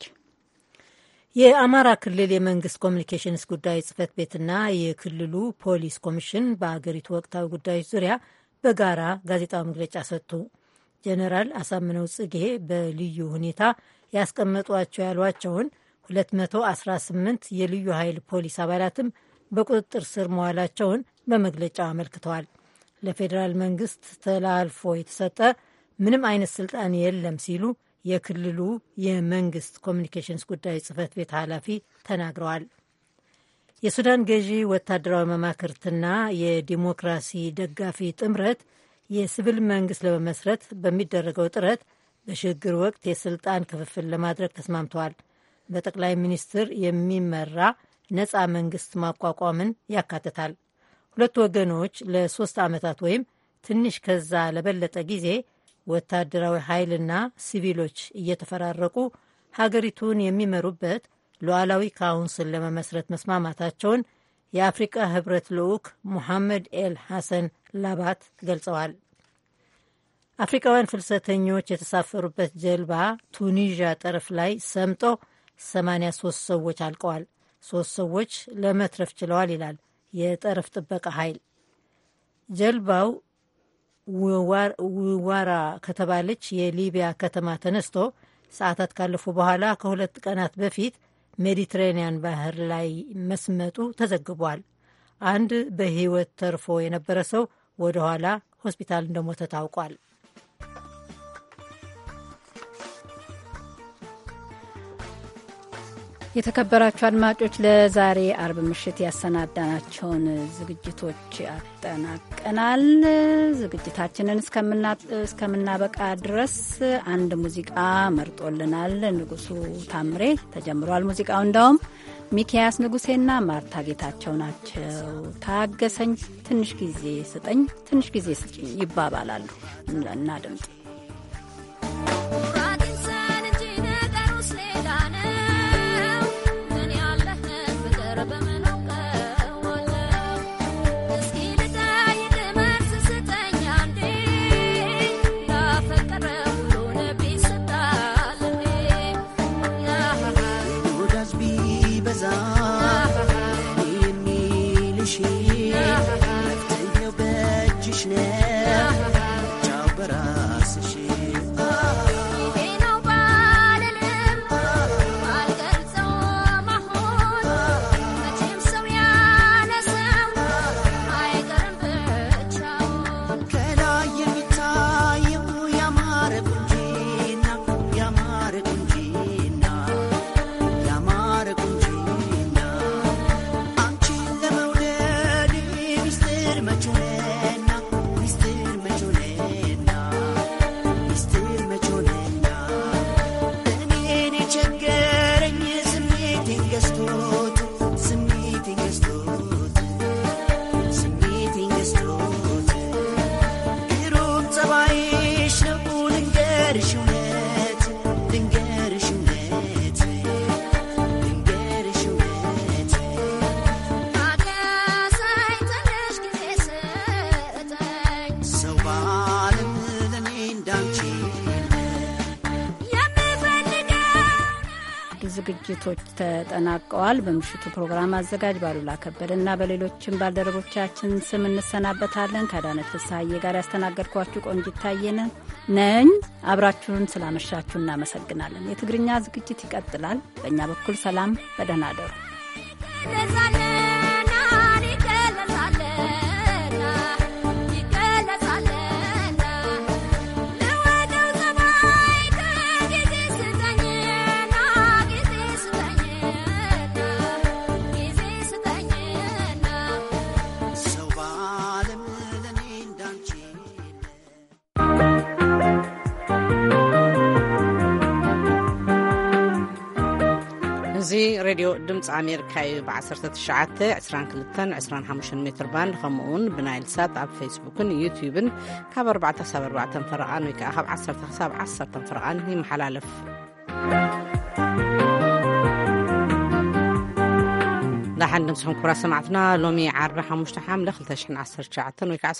የአማራ ክልል የመንግስት ኮሚኒኬሽንስ ጉዳይ ጽህፈት ቤትና የክልሉ ፖሊስ ኮሚሽን በአገሪቱ ወቅታዊ ጉዳዮች ዙሪያ በጋራ ጋዜጣዊ መግለጫ ሰጡ። ጀነራል አሳምነው ጽጌ በልዩ ሁኔታ ያስቀመጧቸው ያሏቸውን 218 የልዩ ኃይል ፖሊስ አባላትም በቁጥጥር ስር መዋላቸውን በመግለጫው አመልክተዋል። ለፌዴራል መንግስት ተላልፎ የተሰጠ ምንም አይነት ስልጣን የለም ሲሉ የክልሉ የመንግስት ኮሚኒኬሽንስ ጉዳዮች ጽህፈት ቤት ኃላፊ ተናግረዋል። የሱዳን ገዢ ወታደራዊ መማክርትና የዲሞክራሲ ደጋፊ ጥምረት የሲቪል መንግስት ለመመስረት በሚደረገው ጥረት በሽግግር ወቅት የስልጣን ክፍፍል ለማድረግ ተስማምተዋል። በጠቅላይ ሚኒስትር የሚመራ ነፃ መንግስት ማቋቋምን ያካትታል። ሁለቱ ወገኖች ለሶስት ዓመታት ወይም ትንሽ ከዛ ለበለጠ ጊዜ ወታደራዊ ኃይልና ሲቪሎች እየተፈራረቁ ሀገሪቱን የሚመሩበት ሉዓላዊ ካውንስል ለመመስረት መስማማታቸውን የአፍሪቃ ህብረት ልዑክ ሙሐመድ ኤል ሐሰን ላባት ገልጸዋል። አፍሪካውያን ፍልሰተኞች የተሳፈሩበት ጀልባ ቱኒዥያ ጠረፍ ላይ ሰምጦ 83 ሰዎች አልቀዋል። ሶስት ሰዎች ለመትረፍ ችለዋል ይላል የጠረፍ ጥበቃ ኃይል። ጀልባው ውዋራ ከተባለች የሊቢያ ከተማ ተነስቶ ሰዓታት ካለፉ በኋላ ከሁለት ቀናት በፊት ሜዲትሬንያን ባህር ላይ መስመጡ ተዘግቧል። አንድ በሕይወት ተርፎ የነበረ ሰው ወደ ኋላ ሆስፒታል እንደሞተ ታውቋል። የተከበራችሁ አድማጮች ለዛሬ አርብ ምሽት ያሰናዳናቸውን ዝግጅቶች አጠናቀናል። ዝግጅታችንን እስከምናበቃ ድረስ አንድ ሙዚቃ መርጦልናል ንጉሱ ታምሬ። ተጀምሯል ሙዚቃው እንዳውም ሚኪያስ ንጉሴና ማርታ ጌታቸው ናቸው። ታገሰኝ፣ ትንሽ ጊዜ ስጠኝ፣ ትንሽ ጊዜ ስጭኝ ይባባላሉ እናድምጥ። ዝግጅቶች ተጠናቀዋል። በምሽቱ ፕሮግራም አዘጋጅ ባሉላ ከበደ እና በሌሎችም ባልደረቦቻችን ስም እንሰናበታለን። ከአዳነች ፍስሐዬ ጋር ያስተናገድኳችሁ ቆንጂት ታየ ነኝ። አብራችሁን ስላመሻችሁ እናመሰግናለን። የትግርኛ ዝግጅት ይቀጥላል። በእኛ በኩል ሰላም፣ በደህና አደሩ። ሬድዮ ድምፂ ኣሜሪካ እዩ ብ 1922 25 ሜትር ባንድ ከምኡውን ብናይልሳት ኣብ ፌስቡክን ዩትብን ካብ 4 4 ፈረቓን ወይ ከዓ ካብ 1 1 ፈረቓን ይመሓላለፍ ዳሓን ድምስኹም ክብራ ሰማዕትና ሎሚ ዓርቢ 5 ሓምለ 219 ወይ ከዓ